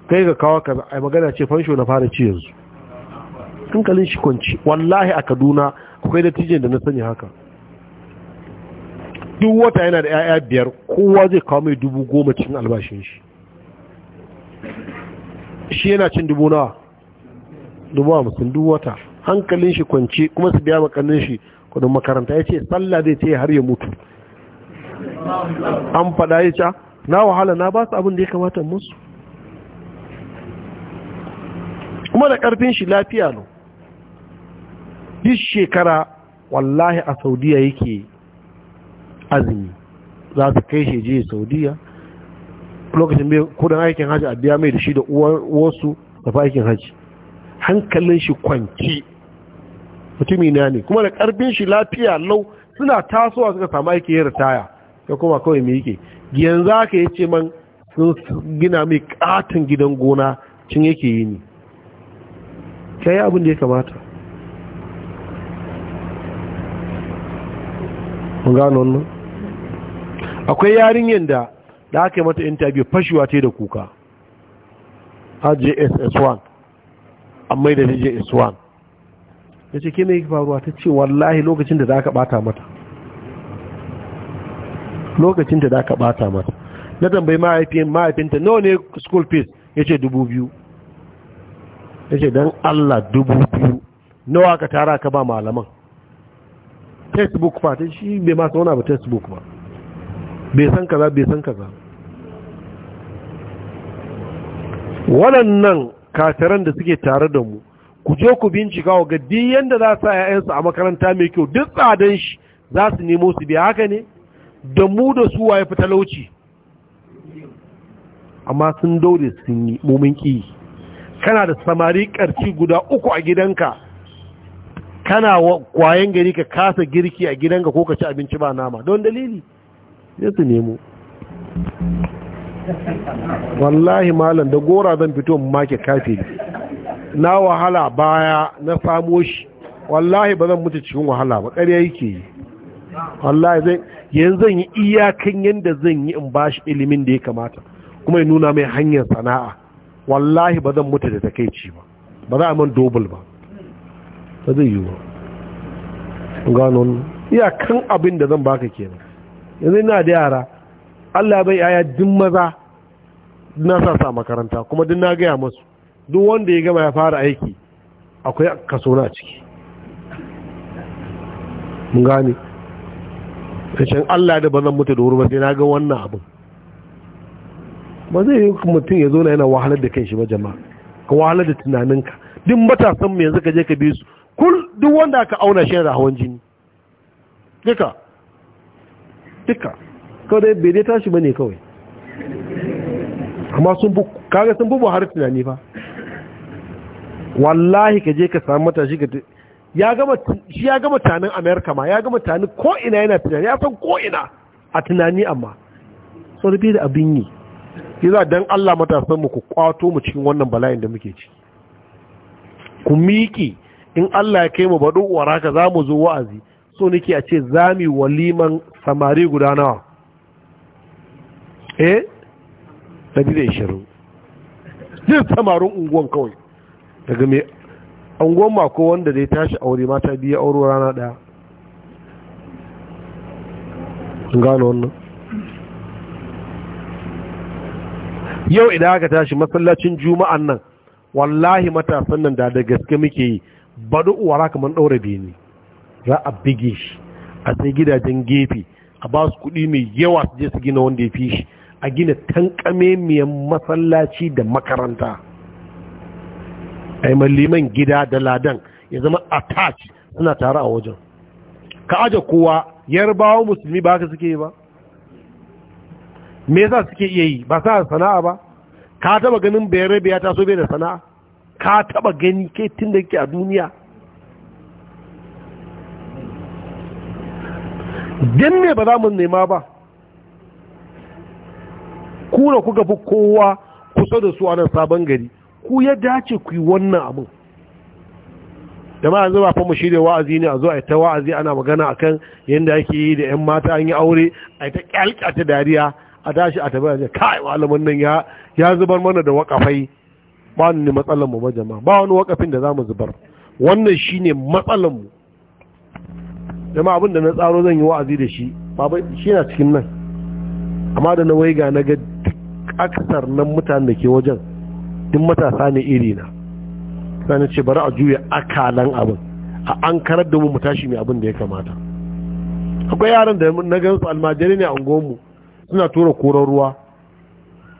kai ga kawo kaza ai magana ce fansho na fara ci yanzu hankalin shi kwanci wallahi a kaduna akwai dattijan da na sanya haka duk wata yana da 'ya'ya biyar kowa zai kawo mai dubu goma cikin albashin shi shi yana cin dubu nawa dubu musulun duk wata hankalin shi kwanci kuma su biya makarnin shi kudin makaranta ya ce sallah zai ce har ya mutu an faɗa ya ce na wahala na ba su abin da ya kamata musu kuma da ƙarfin shi lafiya no duk shekara wallahi a saudiya yake azumi za su kai shi je saudiya lokacin mai kudin aikin hajji a biya mai da shi da wasu da aikin hajji hankalin shi kwanci mutumina ne kuma da karfin shi lafiya lau suna tasowa suka samu aiki ya ritaya ya kuma kawai mai yake yanzu ka yi ce man sun gina mai katin gidan gona cin yake yi ne kai abin da ya kamata kun gano wannan akwai yarinyar da da aka yi mata interview fashewa ce da kuka RJSS1 amma da JS1 ya ce ke mai faruwa ta ce wallahi lokacin da za ka bata mata lokacin da za ka bata mata na tambayi mahaifinta nawa ne school fees ya ce dubu biyu ya ce don allah dubu biyu nawa ka tara ka ba malaman textbook ba ta shi bai masu wani abu textbook ba bai san kaza bai san kaza waɗannan kataran da suke tare da mu ku je ku bincika wa gaddi yadda za sa yansu a makaranta mai kyau duk tsadan shi za su nemo su biya haka ne da mu da su waye fi talauci amma sun daure sun yi mumin ƙi kana da samari ƙarci guda uku a gidanka kana kwayan gari ka kasa girki a gidanka ko ka ci abinci ba nama don dalili ya su nemo wallahi malam da gora zan fito make kafe na wahala baya na famo shi wallahi ba zan mutu cikin wahala ba ƙarya yake yi wallahi zai yanzu zan yi iyakan yadda zan yi in ba shi ilimin da ya kamata kuma ya nuna mai hanyar sana'a wallahi ba zan mutu da takaici ba ba za a man dobul ba ba zai yi ba gano iyakan abin da zan baka kenan yanzu ina da yara Allah bai aya din maza na sa sa makaranta kuma din na gaya masu duk wanda ya gama ya fara aiki akwai kaso na ciki mun gane kashin Allah da ba zan mutu da wuri ba sai na ga wannan abin ba zai yi mutum ya zo na yana wahalar da kai shi ba jama'a ka wahalar da tunaninka duk matasan mai yanzu ka je ka bi su kul duk wanda aka auna shi da hawan jini duka duka kawai dai bai dai tashi bane kawai amma sun bu kaga sun bu har tunani fa wallahi ka je ka samu matashi ka ya gama shi ya gama tunanin America ma ya gama tunanin ko ina yana tunani ya san ko ina a tunani amma sau rufe da abin yi yi za don Allah matasan mu ku kwato mu cikin wannan bala'in da muke ci ku miƙi in Allah ya kai mu baɗo waraka za mu zo wa'azi so nake a ce za mu waliman samari guda nawa eh bi da ishirin zai samarin unguwan kawai daga mai unguwan mako wanda zai tashi aure mata biya auro rana ɗaya gano wannan yau idan aka tashi masallacin juma'an nan wallahi matasan nan da da gaske muke yi baɗu uwara kamar ɗaura beni za a bige shi a sai gidajen gefe a ba su kuɗi mai yawa su je su gina wanda ya fi shi a gina tankame miyan masallaci da makaranta a yi malliman gida da ladan ya zama attach suna tare a wajen ka aje kowa yarbawa musulmi ba haka suke yi ba me yasa suke iya yi ba sa sana'a ba ka taba ganin bayarabe ya taso bai da sana'a ka taba gani ke tun da ke a duniya din ne ba za mu nema ba ku kuka fi kowa kusa da su a sabon gari ku ya dace ku yi wannan abin da yanzu ba fa mu shirya wa'azi ne a zo a ta wa'azi ana magana a akan yadda ake yi da yan mata an yi aure a ta ta dariya a tashi a tabbata kai malamin nan ya zubar mana da wakafai ba ni matsalar mu ba jama'a ba wani wakafin da za mu zubar wannan shi ne mu jama'a abin da na tsaro zan yi wa'azi da shi ba shi na cikin nan amma da na wai ga na ga duk aksar nan mutanen da ke wajen duk matasa ne iri na Sani ce bari a juya akalan abin a an karar da mu mu tashi mai abin da ya kamata akwai yaran da na gan su almajiri ne a unguwanmu suna tura koran ruwa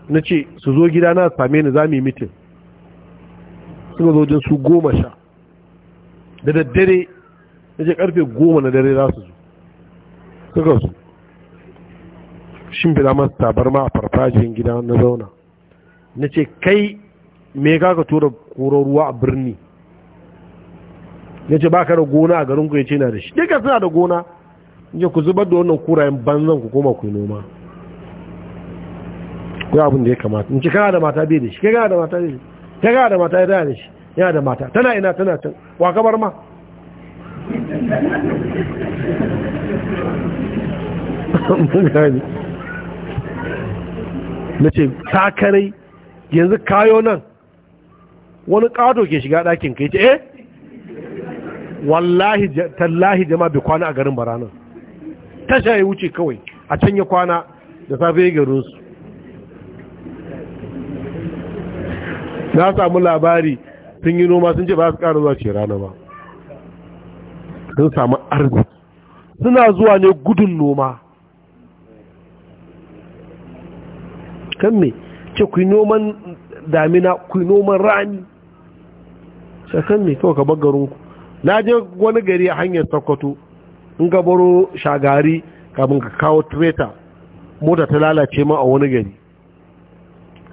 na ce su zo gida na same ni za mu yi mitin suka zo wajen su goma sha da daddare na ce karfe goma na dare za su zo suka su shimfida masu tabarma a farfajiyar gida na zauna na ce kai me kaka tura koron ruwa a birni ya ce ba da gona a garinku ya ce na da shi duka suna da gona ya ku zubar da wannan kurayen banzan ku koma ku noma ku abin da ya kamata in ci kana da mata bai da shi kai kana da mata bai da shi ta gada mata ya daya da shi ya da mata tana ina tana can wa kamar ma na ce takarai yanzu kayo nan wani kado ke shiga ɗakin ka yi ce eh tallahi jama bai kwana a garin baranan tasha ya wuce kawai a can ya kwana da safe ya garinsu na samu labari sun yi noma sun ce ba su ƙara zuwa ce rana ba sun samu arzi suna zuwa ne gudun noma kan me ce ku noman damina ku noman rani kan me kawai ka bagarinku na je wani gari a hanyar sokoto in ka baro shagari kamun ka kawo treta mota ta lalace ma a wani gari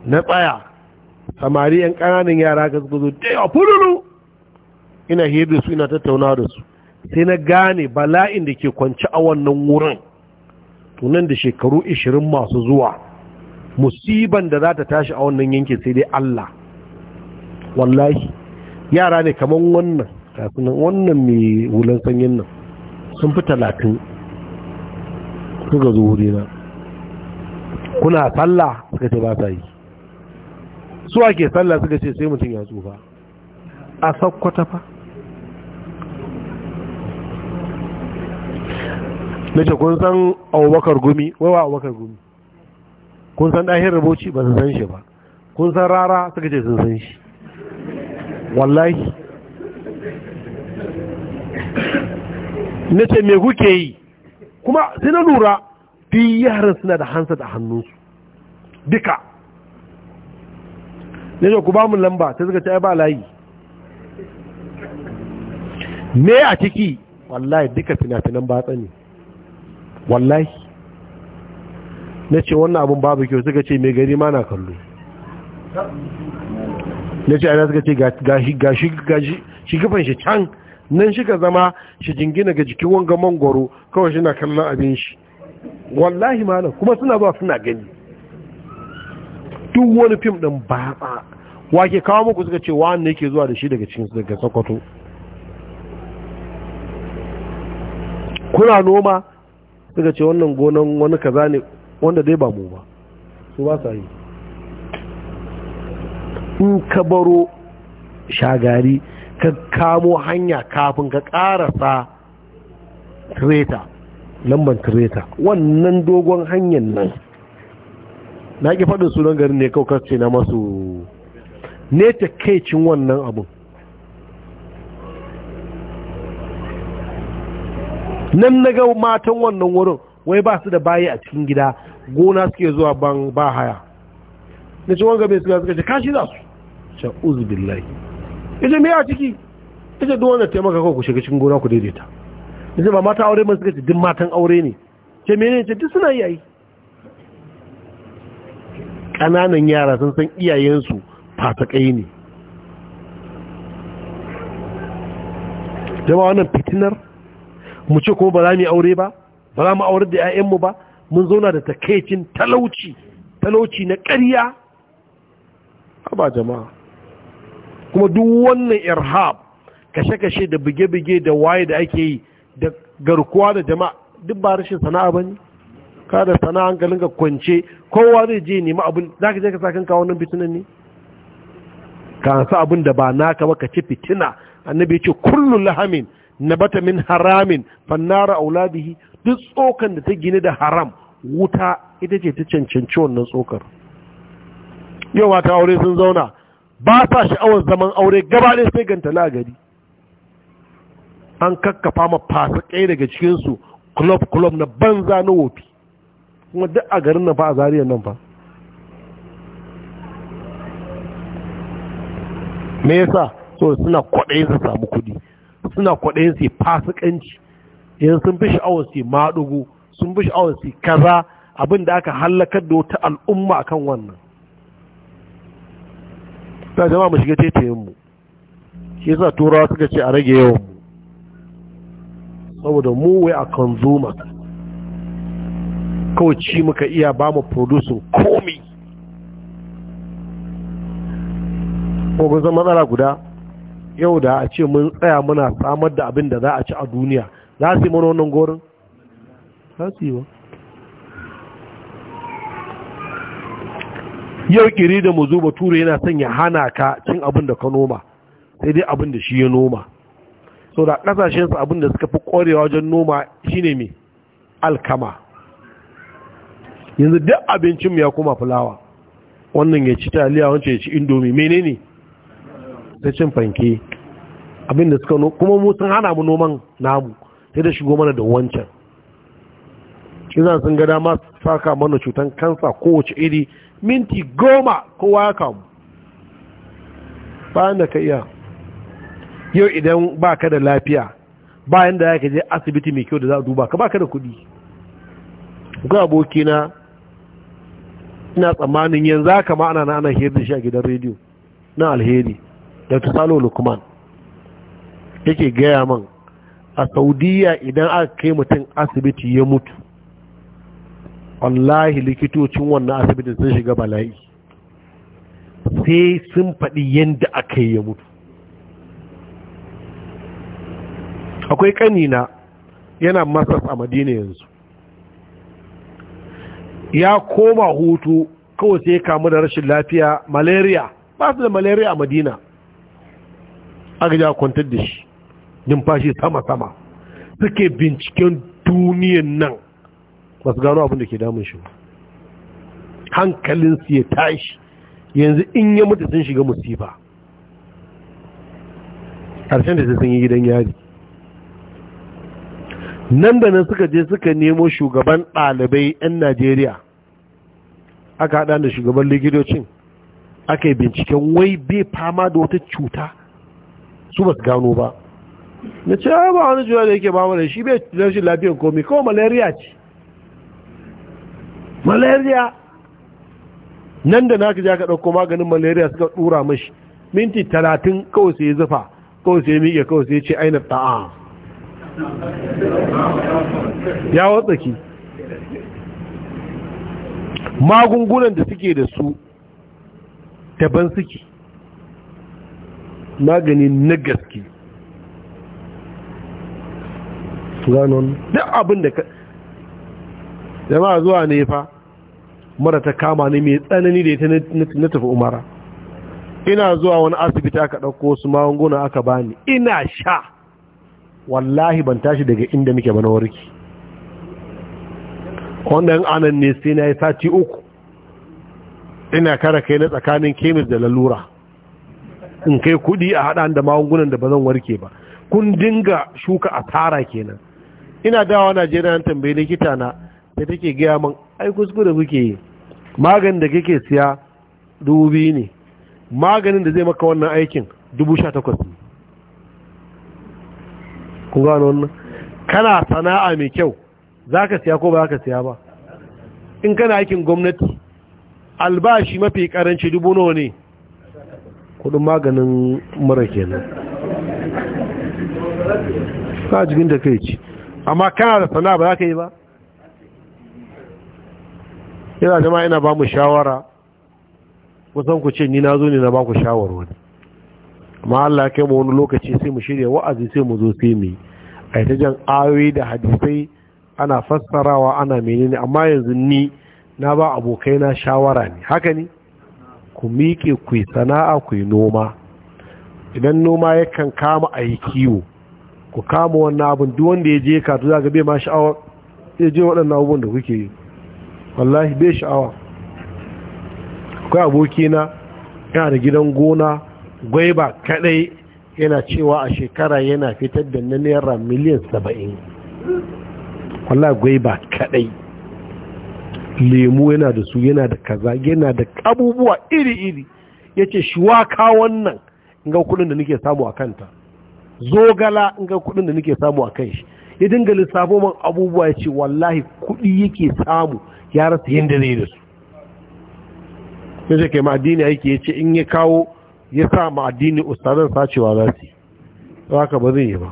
na tsaya samari yan kananan yara ka suka zo da yawa fululu ina hiyar da su ina tattauna da su sai na gane bala'in da ke kwanci a wannan wurin tunan da shekaru 20 masu zuwa musiban da za ta tashi a wannan yankin sai dai Allah wallahi yara ne kamar wannan kafin wannan mai wulan sanyin nan sun fi talatin suka zo wurina kuna sallah suka ce ba ta yi su ake sallah suka ce sai mutum ya tsufa a saukwata fa na ce kun san abubakar gumi wawa abubakar gumi kun san ɗahin rubuci ba su san shi ba kun san rara suka ce sun san shi wallahi na ce me kuke yi kuma sai na lura fi harin suna da hansa da hannunsu duka ne ce ku ba mu lamba ta suka ce ba layi me a ciki wallahi duka fina-finan batsa ne wallahi na ce wannan abin babu kyau suka ce mai gari ma na kallo na ce aina suka ce gashi gashi gashi shi shi can nan shi ka zama shi jingina ga jikin wanga mangoro kawai shi na kallon abin shi wallahi malam kuma suna zuwa suna gani duk wani fim ɗin batsa wake kawo muku suka ce wa wanda yake zuwa da shi daga cikin daga sokoto kuna noma suka ce wannan gonan wani kaza ne wanda dai ba mu ba su ba sa yi in ka baro shagari ka kamo hanya kafin ka karasa treta lamban treta wannan dogon hanyar nan na ake faɗin sunan garin ne kawai ce na masu ne ta kaicin wannan abun nan na ga matan wannan wurin wai ba su da bayi a cikin gida gona suke zuwa ban ba haya na ci wanga mai suka suka ce kashi za su ce uzubillahi ita mai a ciki ita duk wanda taimaka kawai ku shiga cikin gona ku daidaita ita ba mata aure mai suka ce duk matan aure ne ce mene ce duk suna yi a yi ƙananan yara sun san iyayensu Fasakai ne jama wannan fitinar mu ce kuma ba za mu aure ba ba za mu aure da 'ya'yanmu ba mun zauna da takaicin talauci talauci na ƙarya ba jama'a kuma duk wannan irhab kashe-kashe da buge-buge da waye da ake yi da garkuwa da jama'a duk ba rashin sana'a ba ne ka da sana hankalin ka kwance kowa zai je nema abin za ka je ka sa kawo nan fitinan ne ka sa abin da ba naka ba ka ci fitina annabi ce kullu lahamin nabata min haramin fannara auladihi duk tsokan da ta gini da haram wuta ita ce ta cancanci wannan tsokar yau mata aure sun zauna ba sa sha'awar zaman aure gaba ɗaya sai ganta gari an kakkafa ma fasakai daga cikinsu club club na banza na wofi kuma duk a garin nan fa a zariyar nan fa me yasa so suna kwaɗayin su samu kuɗi suna kwaɗayin su fasikanci yanzu sun fi sha'awar su maɗugu sun fi sha'awar su kaza abin da aka hallakar da wata al'umma akan wannan ta jama'a mu shiga tetayen mu shi yasa turawa suka ce a rage yawan mu saboda mu wai a consumers kawai ci muka iya ba mu producing komi kogon zama matsala guda yau da a ce mun tsaya muna samar da abin da za a ci a duniya za su yi mana wannan gorin? za su yi ba yau kiri da mu zo yana son ya hana ka cin abin da ka noma sai dai abin da shi ya noma so da ƙasashensu abin da suka fi ƙwarewa wajen noma shine mai alkama yanzu duk abincin ya koma fulawa wannan ya ci taliya wancan ya ci indomi menene ta cin fanke abinda suka kuma mu hana mu noman namu sai da shigo mana da wancan iza sun ga dama saka mana cutan kansa kowace iri minti goma kowa ya kamu bayan da ka iya yau idan ba ka da lafiya bayan da ya ka je asibiti mai kyau da za a duba ka ba ka da kudi ga abokina ina tsammanin yanzu haka ma ana ana hirin shi a gidan rediyo na alheri da tusalo lukman yake gaya man a saudiya idan aka kai mutum asibiti ya mutu wallahi likitocin wannan asibitin sun shiga bala'i sai sun faɗi yadda aka yi ya mutu akwai ƙanina yana masas a madina yanzu ya koma hutu kawai sai ya kamu da rashin lafiya malaria ba su da malaria a madina aka ja kwantar da shi numfashi sama-sama suke binciken duniyan nan ba su gano abin da ke damun shi hankalinsu ya tashi yanzu in ya mutu sun shiga musifa ƙarshen da sun yi gidan yari nan da nan suka je suka nemo shugaban ɗalibai 'yan najeriya aka haɗa da shugaban likitocin aka yi binciken wai bai fama da wata cuta su ba su gano ba na ce ah, ba wani juwa da yake fama da shi bai rashin lafiyan komi kawai malaria ce malaria nan da na ka ja ka ɗauko maganin malaria suka ɗura mashi minti talatin kawai sai zufa kawai sai miƙe kawai sai ce ainihin ta'a ya watsaki magungunan da suke da su daban suke magani na gaske ganon duk abin da ka jama'a zuwa ne fa mara ta kama ne mai tsanani da ita na tafi umara ina zuwa wani asibiti aka ɗauko su magunguna aka bani ina sha wallahi ban tashi daga inda muke ba na warki wannan anan ne sai na yi sati uku ina kara kai na tsakanin kemis da lalura in kai kudi a haɗa da magungunan da ba zan warke ba kun dinga shuka a tara kenan ina dawa najeriya na tambayi likita na da take gaya man ai kuskure kuke yi maganin da kake siya dubu biyu ne maganin da zai maka wannan aikin dubu sha takwas ne kun gano wannan kana sana'a mai kyau za ka siya ko ba za ka siya ba in kana aikin gwamnati albashi mafi karanci dubu nawa ne kudin maganin mara kenan ka jigin da kai ci amma kana da sana'a ba za ka yi ba yana jama'a ina ba mu shawara kusan ku ce ni na zo ne na ba ku shawarwari amma Allah kai mu wani lokaci sai mu shirya wa'azi sai mu zo sai mu a ta jan ayoyi da hadisai ana fassarawa ana menene amma yanzu ni na ba abokai na shawara ne haka ne ku miƙe ku sana'a ku yi noma idan noma yakan kama a yi kiwo ku kama wannan abin duk wanda ya je katu za ka bai ma sha'awa ya je waɗannan abubuwan da kuke yi wallahi bai sha'awa akwai abokina yana da gidan gona gwaiba kadai yana cewa a shekara yana fitar da na naira miliyan saba'in kwallo gwaiba kadai lemu yana da su yana da kaza yana da abubuwa iri-iri ya ce shuwaka wannan ga kudin da nake samu a kanta zogala ga kudin da nake samu a kan shi ya dinga lissafo man abubuwa ya ce wallahi kudi yake samu ya rasa yin da zai da su sai ce kai ma addini yake ya ce in ya kawo ya sa ma addini ustazan sacewa za su yi ba zai yi ba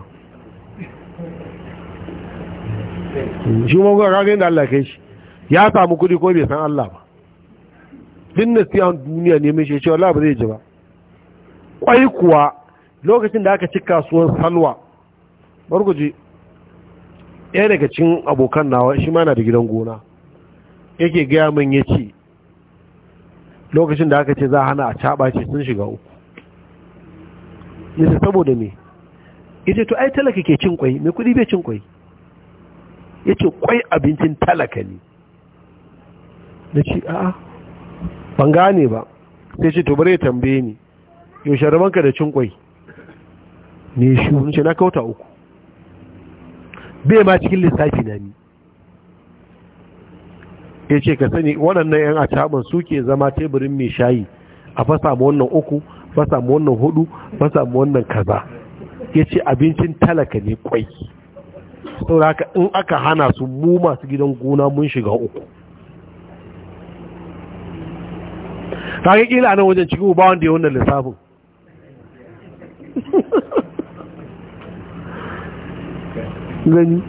shi ragayin da Allah shi ya samu kudi ko bai san Allah ba din nasiyan duniya ne mai shi Allah ba zai ji ba kwai kuwa lokacin da aka cika kasuwar salwa barguji ɗaya daga cin abokan nawa shi ma na da gidan gona yake gaya min ya ce lokacin da aka ce za a hana a caɓa ce sun shiga uku nisa saboda me ita to ai talaka ke cin kwai mai kudi bai cin kwai ya ce kwai abincin talaka ne na ce a'a ban gane ba sai ce to bari ya tambaye ni yaushe rabanka da cin kwai ne shi wunce na kauta uku bai ma cikin lissafi na ni sai ce ka sani waɗannan 'yan acaban suke zama teburin mai shayi a fasa mu wannan uku fasa mu wannan hudu fasa mu wannan kaza ya ce abincin talaka ne kwai saboda haka in aka hana su mu masu gidan gona mun shiga uku kaga kila nan wajen cikin uba wanda ya wannan lissafin gani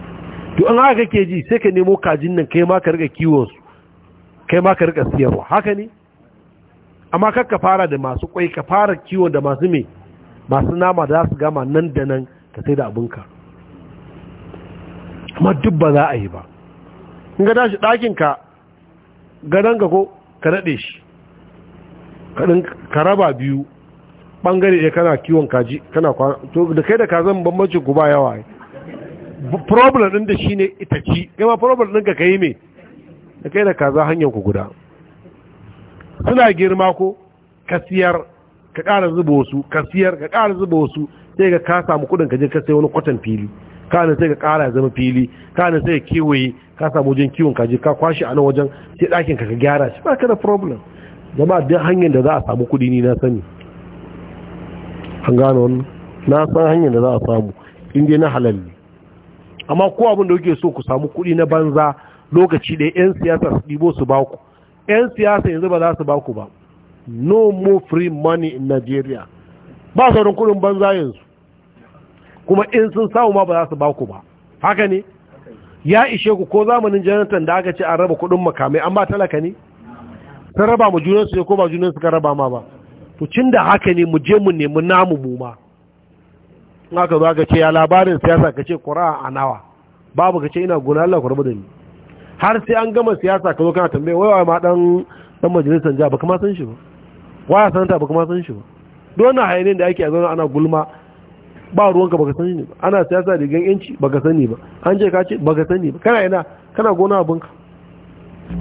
to an haka kake ji sai ka nemo kajin nan kai ma ka riga kiwon su kai ma ka rika siyarwa haka ne amma kar ka fara da masu kwai ka fara kiwon da masu mai masu nama da su gama nan da nan ka sai da abinka amma duk ba za a yi ba in ga tashi ɗakinka gadon ka ko ka naɗe shi ka raba biyu ɓangare ɗaya kana kiwon kaji kana kwana to da kai da kazan bambancin ku ba yawa problem ɗin da shi ne ita ci gama problem ɗin ka ka yi mai da kai da kaza hanyar ku guda suna girma ko ka siyar ka ƙara zuba wasu ka siyar ka ƙara zuba wasu sai ka ka samu kuɗin ka je ka sai wani kwatan fili kana sai ka ƙara zama fili kana sai ka kiwaye ka samu wajen kiwon je ka kwashi a nan wajen sai ɗakin ka ka gyara shi ba ka da problem jama'a duk hanyar da za a samu kuɗi ni na sani an gano wannan na san hanyar da za a samu in dai na halal amma ko abin da kuke so ku samu kuɗi na banza lokaci da 'yan siyasa su ɗibo su ba ku 'yan siyasa yanzu ba za su ba ku ba no more free money in nigeria ba sauran kudin banza yanzu kuma in sun samu ma ba za su ba ku ba haka ne ya ishe ku ko zamanin janatan da aka ce an raba kudin makamai an ba talaka ne sun raba mu junansu ne ko ba junansu ka raba ma ba to cin da haka ne mu je mu nemi namu mu ma in aka zo aka ce ya labarin siyasa ka ce ƙura a nawa babu ka ce ina gona Allah ku rabu da ni har sai an gama siyasa ka zo kana tambaya wai ma dan dan majalisar jiha baka ma san shi ba waya sanata baka ma san shi ba duk na hayanin da ake a zauna ana gulma ba ruwan ka baka sani ba ana siyasa da gan yanci baka sani ba an je ka ce baka sani ba kana ina kana gona ka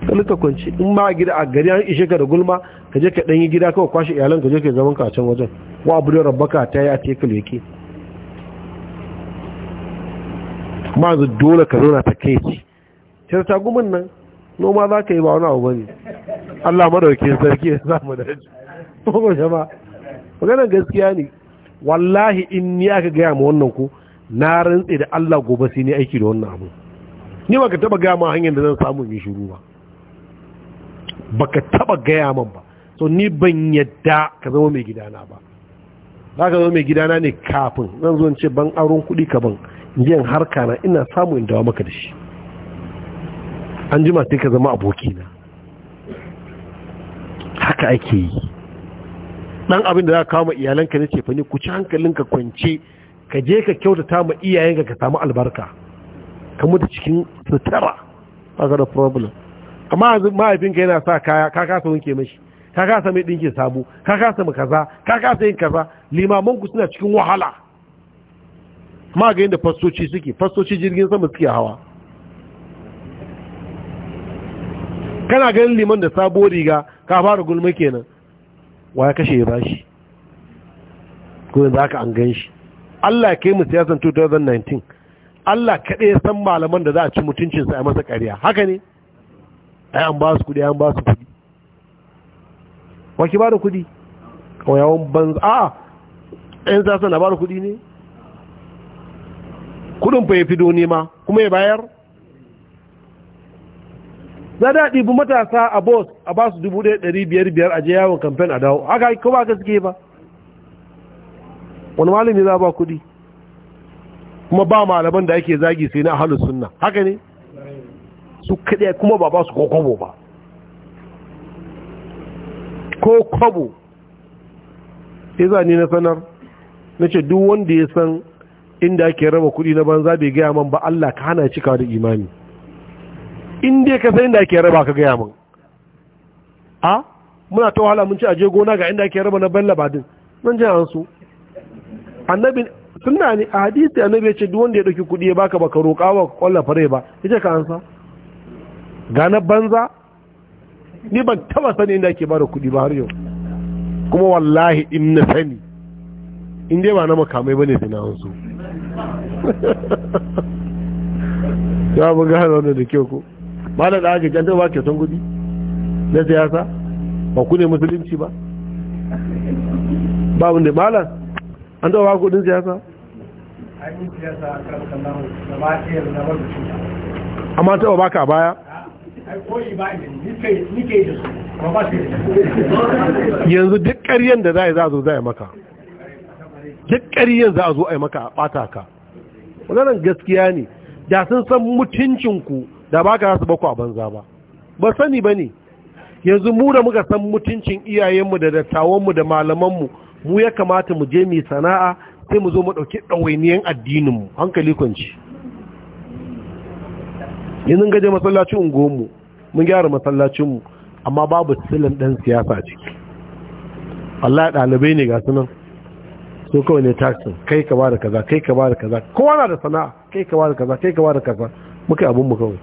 kalika kwanci in ma gida a gari an ishe ka da gulma ka je ka dan yi gida kawai kwashe iyalan ka je ka zaman ka a can wajen wa abu da rabbaka ta yi a tekul yake ma yanzu dole ka zauna ta kai cirta gumin nan noma za ka yi ba wani abu ba ne allah madauke sarki ya samu da ko jama maganar gaskiya ne wallahi in ni aka gaya ma wannan ko na rantse da allah gobe sai ni aiki da wannan abu ni baka taba gaya ma hanyar da zan samu in shiru ba baka taba gaya man ba so ni ban yadda ka zama mai gidana ba za ka zama mai gidana ne kafin zan zo ce ban auren kuɗi ka ban in harka na ina samu in dawo maka da shi an jima sai ka zama abokina haka ake yi Ɗan abin da za ka kawo iyalanka na ce ku ci hankalinka kwance ka je ka kyautata ma iyayenka ka samu albarka ka mutu cikin sutura ba problem amma mahaifinka yana sa kaya ka kasa wanke mashi ka kasa mai ɗinkin sabu, ka kasa mu kaza ka kasa yin kaza limaman suna cikin wahala ma ga yadda fastoci suke fastoci jirgin sama suke hawa kana ganin liman da sabo riga ka fara gulma kenan wa ya kashe ya bashi ko yanzu haka an gan shi Allah ya kai mu siyasan 2019 Allah kaɗai ya san malaman da za a ci mutuncinsa a masa ƙarya haka ne ai an ba su kuɗi an ba su kuɗi waki ba da kuɗi ƙauyawan banza a ɗayan sasa na ba da kuɗi ne kuɗin fa ya fi doni ma kuma ya bayar za da ɗibu matasa a bos a ba su dubu ɗaya ɗari biyar biyar a je yawon kamfen a dawo haka ko ba ka suke ba wani malami za ba kuɗi kuma ba malaman da ake zagi sai na halin sunna haka ne su kaɗe kuma ba ba su kokobo ba ko kwabo sai za ni na sanar na ce duk wanda ya san inda ake raba kuɗi na banza bai gaya man ba Allah ka hana cika da imani in dai ka san inda ake raba ka gaya mun a muna ta wahala mun ci aje gona ga inda ake raba na ban labadin mun ji an su annabi sunna ne a hadisi annabi ya ce duk wanda ya dauki kudi ya baka baka roƙa wa kwalla fare ba yace ka ansa ga na banza ni ban taba sani inda ake bada kudi ba har yau kuma wallahi in na sani in dai ba na makamai bane sai na ansu ya bu gano da kyau ko malam da aka kyanta ba kyautan gudi na siyasa ba ku ne musulunci ba ba wanda malam an zaba ba kudin siyasa amma taba baka a baya yanzu duk ƙaryen da za a yi za a zo za a yi maka duk ƙaryen za a zo a yi maka a ɓata ka wadannan gaskiya ne da sun san mutuncinku da ba ka rasu bako a banza ba ba sani ba ne yanzu mu da muka san mutuncin iyayenmu da dattawanmu da malamanmu mu ya kamata mu je mai sana'a sai mu zo mu ɗauki ɗawainiyar addininmu hankali kwanci yanzu gaje masallacin unguwanmu mun gyara masallacinmu amma babu silin ɗan siyasa ciki Allah ɗalibai ne ga sunan so kawai ne taxin kai ka ba da kaza kai ka ba da kaza kowa na da sana'a kai ka ba da kaza kai ka ba da kaza muka abin mu kawai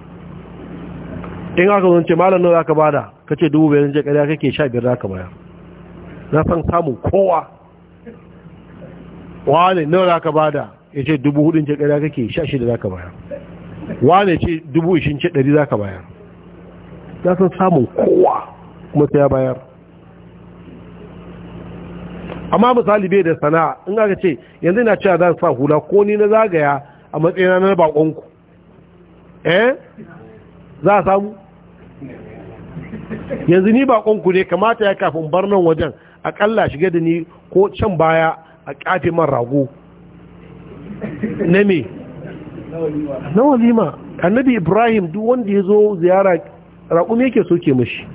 in aka zance malam nawa ka bada ka ce dubu bayan je ya kake sha za ka bayar na san samun kowa wane nawa ka bada ya ce dubu hudun je ya kake sha za ka bayar wane ce dubu ishin ce za ka bayar na san samun kowa kuma sai ya bayar amma misali bai da sana'a in aka ce yanzu ina cewa zan sa hula ko ni na zagaya a matsayina na bakonku eh za a samu yanzu ni bakon ku ne kamata ya kafin bar nan wajen aƙalla shiga da ni ko can baya a kafe man rago na na walima annabi ibrahim duk wanda ya zo ziyara raƙumi ke soke mashi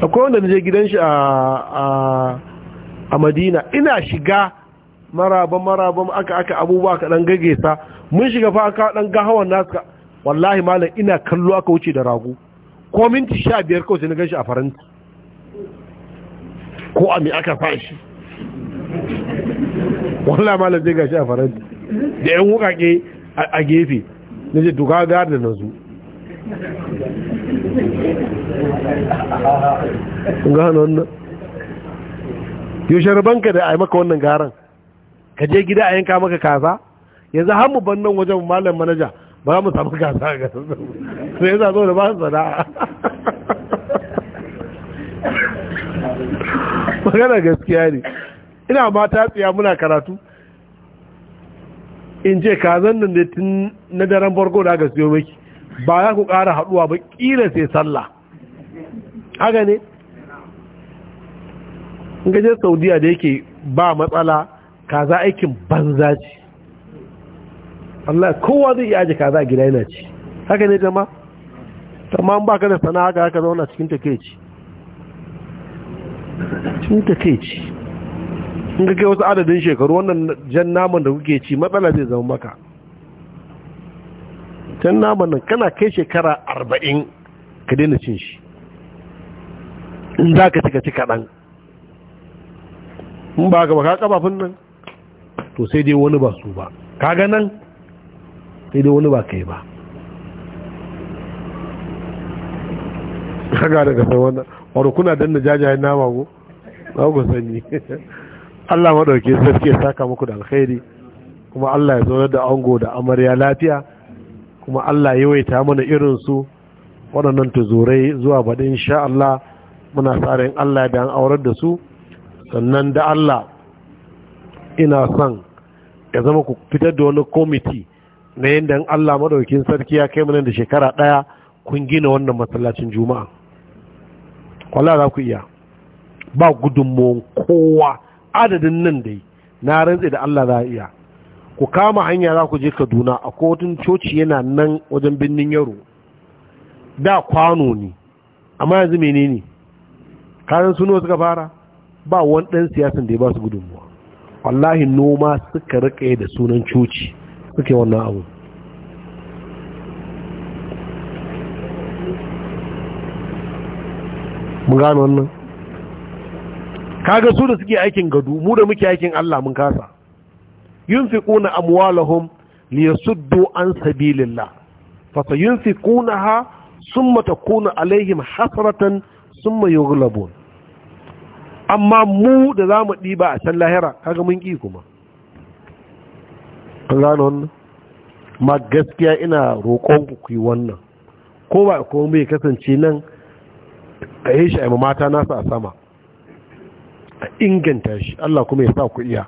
akwai wanda je gidan shi a madina ina shiga maraba maraba aka aka abubuwa ka gage sa mun shiga fa aka dan ga hawan nasu wallahi malam ina kallo aka wuce da ragu ko minti sha biyar kawai na gashi a faranti ko a me aka fashi wallahi malam zai gashi a faranti da yan wukake a gefe na ce duka gari da nazu zo gano wannan da a maka wannan garan ka je gida a yanka maka kaza yanzu har mu bannan wajen malam manaja ba mu samu gasa a gasar da su ya zazo da ba su sana'a magana gaskiya ne ina mata ta tsiya muna karatu in ce kazan nan da tun na daren farko da aka siyo maki ba za ku kara haduwa ba kila sai sallah haka ne in gajen saudiya da yake ba matsala kaza aikin banza ce Allah kowa zai iya aje kaza a gida yana ci haka ne jama amma ba ka da sana'a haka haka zauna cikin takeici cikin takeici in ka kai wasu adadin shekaru wannan jan naman da kuke ci matsala zai zama maka jan naman nan kana kai shekara arba'in ka daina cin shi in za ka cika ci kaɗan in ba ka ba ka kafafin nan to sai dai wani ba su ba ka nan sai dai wani ba kai ba kaga daga sai wannan wani kuna danna jajayen nama ko ba ku sani Allah madauke sarki ya saka muku da alkhairi kuma Allah ya zaunar da ango da amarya lafiya kuma Allah ya waita mana irin su waɗannan tuzurai zuwa baɗin insha Allah muna tsarin Allah da an aurar da su sannan da Allah ina son ya zama ku fitar da wani komiti na yadda Allah madaukin sarki ya kai mana da shekara ɗaya kun gina wannan masallacin juma'a kwallo za ku iya ba gudunmuwan kowa adadin nan dai na rantse da Allah za a iya ku kama hanya za ku je kaduna a kotun coci yana nan wajen birnin yaro da kwano ne amma yanzu menene ne kayan suno suka fara ba wani ɗan siyasan da ya ba su gudunmuwa wallahi noma suka riƙe da sunan coci kuke wannan abu mun gano wannan kaga su da suke aikin gado mu da muke aikin Allah mun kasa yunfiquna amwalahum liyasuddu an sabilillah fa sayunfiqunaha thumma takunu alaihim hasratan thumma yughlabun amma mu da zamu diba a can lahira kaga mun ki kuma kun gano wannan ma gaskiya ina roƙon ku yi wannan ko ba kuma mai kasance nan a yi shi a mata nasa a sama a inganta shi Allah kuma ya sa ku iya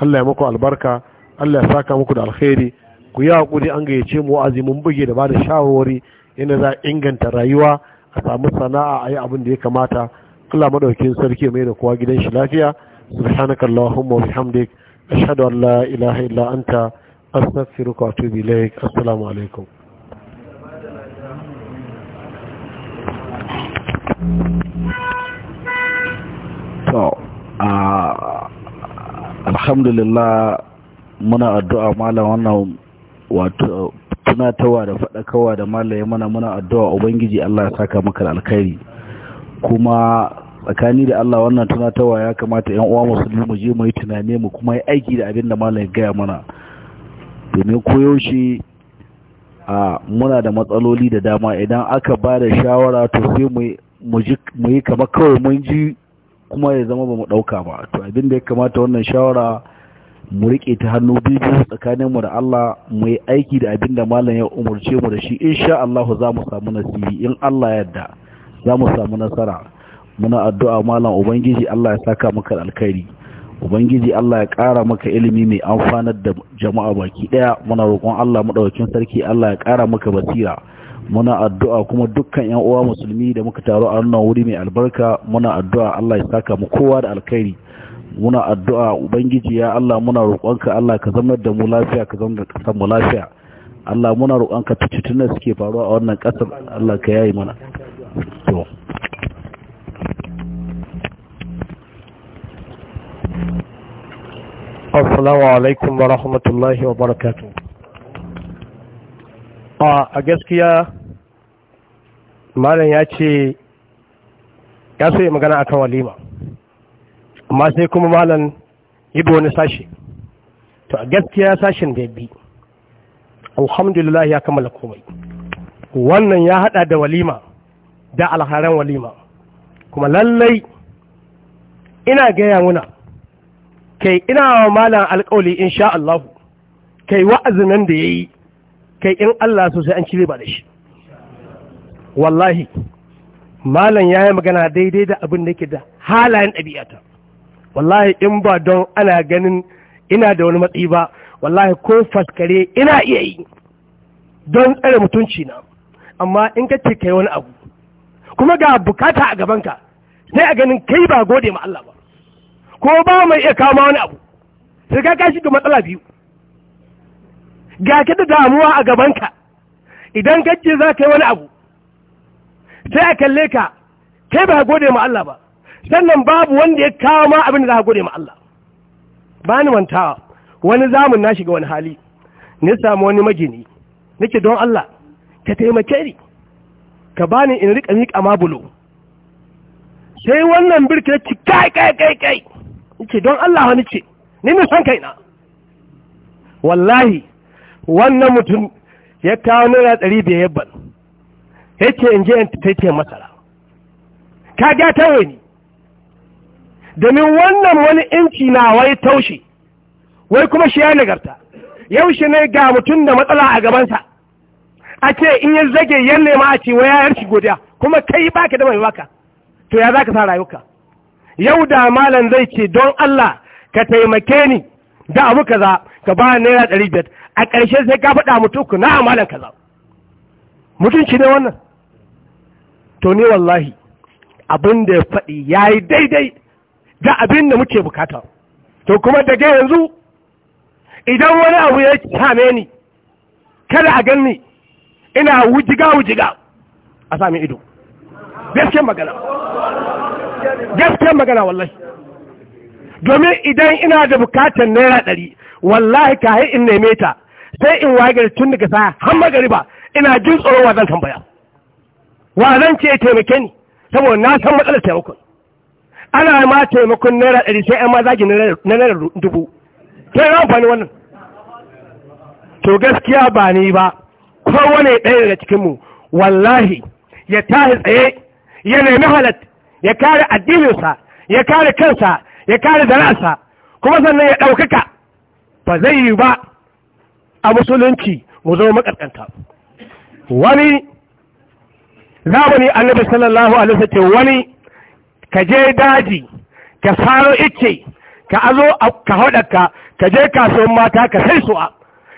Allah ya muku albarka Allah ya saka muku da alkhairi ku yi hakuri an gayyace mu wa'azi mun buge da ba da shawarwari yana za a inganta rayuwa a samu sana'a a yi abin da ya kamata Allah sarki mai da kowa gidan shi lafiya subhanakallahumma wa bihamdika أشهد أن لا إله إلا أنت أستغفرك وأتوب إليك السلام عليكم alaikum uh, لله alhamdulillah muna addu'a malam wannan wato tunatawa da faɗakawa da malaye mana muna addu'a ubangiji Allah ya saka maka alkhairi kuma tsakani da Allah wannan tunatarwa ya kamata yan uwa musulmi mu je mu yi tunane mu kuma yi aiki da abin da malam ya gaya mana domin koyaushe a muna da matsaloli da dama idan aka ba da shawara to sai mu yi kama kawai mun ji kuma ya zama ba mu ɗauka ba to abin da ya kamata wannan shawara mu riƙe ta hannu biyu mu da Allah mu yi aiki da abin da malam ya umarce mu da shi insha Allah za mu samu nasiri in Allah yarda za mu samu nasara muna addu'a malam ubangiji Allah ya saka maka alkhairi ubangiji Allah ya ƙara maka ilimi mai amfanar da jama'a baki ɗaya muna roƙon Allah maɗaukakin sarki Allah ya ƙara maka basira muna addu'a kuma dukkan yan uwa musulmi da muka taro a wannan wuri mai albarka muna addu'a Allah ya saka mu kowa da alkhairi muna addu'a ubangiji ya Allah muna roƙonka Allah ka zama da mu lafiya ka zama da ƙasar mu lafiya Allah muna roƙonka ta suke faruwa a wannan ƙasar Allah ka yayi mana Assalamu alaikum wa rahmatullahi wa barakatu. A gaskiya, Malam ya ce, ya so yi magana kan walima, amma sai kuma Malam yi bi wani sashi. To, a gaskiya sashen da bi, alhamdulillah ya kammala komai. Wannan ya haɗa da walima, da alharan walima, kuma lallai ina gaya muna. kai ina wa malam alƙawali sha Allah kai wa'azin nan da ya yi. kai in Allah so an cire ba da shi wallahi malam yi magana daidai da abin da ke da halayen ɗabi'ata wallahi in ba don ana ganin ina da wani matsayi ba wallahi ko faskare ina iya yi don tsare mutunci na amma in ka ce kai wani abu kuma ga bukata a gabanka sai a ganin kai ba gode ma Allah ko ba mai iya kama wani abu sai ka kashi ga matsala biyu ga ki da damuwa a gabanka idan gaje za ka yi wani abu sai a kalle ka kai ba gode ma Allah ba sannan babu wanda ya kawo ma abin da za ka gode ma Allah ba ni mantawa wani zamun na shiga wani hali ne samu wani magini nake don Allah ka taimake ni ka bani in riƙa miƙa mabulo, sai wannan ya ci kai kai kai kai ce don Allah wani ce ni ne son kaina wallahi wannan mutum ya kawo nuna ɗari biyar yabban ya ce in je in taitaye masara ka ga ta wani domin wannan wani inci na wai taushe wai kuma shi ya nagarta yaushe ne ga mutum da matsala a gabansa a ce in ya zage yalle ma a ce wa yayar shi godiya kuma kai baka da mai baka to ya za ka sa rayuka yau da malam zai ce don Allah ka taimake ni da abu kaza ka ba naira ɗari biyar a ƙarshe sai ka faɗa mutu ku na malam kaza mutunci ne wannan to ni wallahi abin da ya faɗi ya yi daidai da abin da muke bukata to kuma daga yanzu idan wani abu ya same ni kada a ganni ina wujiga wujiga a sami ido gaskiyar magana gaskiyar magana wallahi domin idan ina da bukatar naira ɗari wallahi ka in neme ta sai in wagar tun daga sa har ba ina jin tsoron wa zan tambaya wa zan ce taimake ni saboda na san matsalar taimakon ana ma taimakon naira ɗari sai an ma zagi na naira dubu ta yi amfani wannan to gaskiya ba ni ba kowane ɗaya daga cikinmu wallahi ya tashi tsaye ya nemi halatta ya kare addininsa ya kare kansa ya kare zara'arsa kuma sannan ya ɗaukaka ba zai yi ba a musulunci mu zama makarkanta wani zamani annabi sallallahu alaihi wasallam wani ka je daji ka saro ice ka azo ka haɗaka ka je kasuwan mata ka sai su'a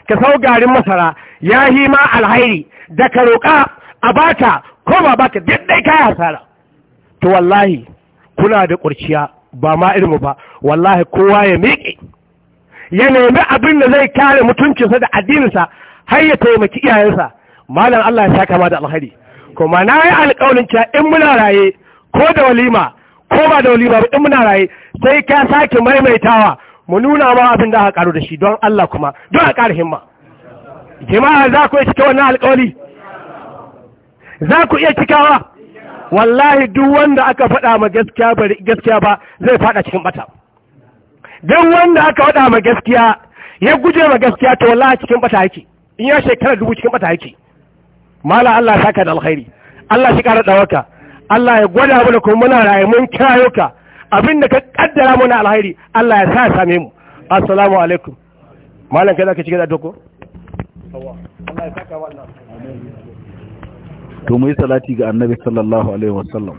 ka sau garin masara ya hima ma alhairi da ka roƙa a bata ko ba baka daidai kaya to wallahi kuna da ƙurciya ba ma ilmi ba wallahi kowa ya miƙe ya nemi abin da zai kare mutuncinsa da addininsa har ya taimaki iyayensa malam Allah ya sa kama da alhari kuma na yi alƙawarin cewa in muna raye ko da walima ko ba da walima ba in muna raye sai ka sake maimaitawa mu nuna ma abin da aka karu da shi don Allah kuma don a ƙara himma jama'a za ku iya cika wannan alƙawari za ku iya cikawa wallahi duk wanda aka faɗa ma gaskiya ba zai faɗa cikin bata duk wanda aka faɗa ma gaskiya ya guje ma gaskiya to wallahi cikin bata yake in ya shekara dubu cikin bata yake mala Allah ya saka da alkhairi Allah shi ƙara ɗawaka Allah ya gwada mu da kuma muna rayu mun kirayo ka abin da ka kaddara mana alkhairi Allah ya sa ya same mu assalamu alaikum malam kai zaka gaba da doko Allah ya saka wannan to mu yi salati ga annabi sallallahu alaihi wasallam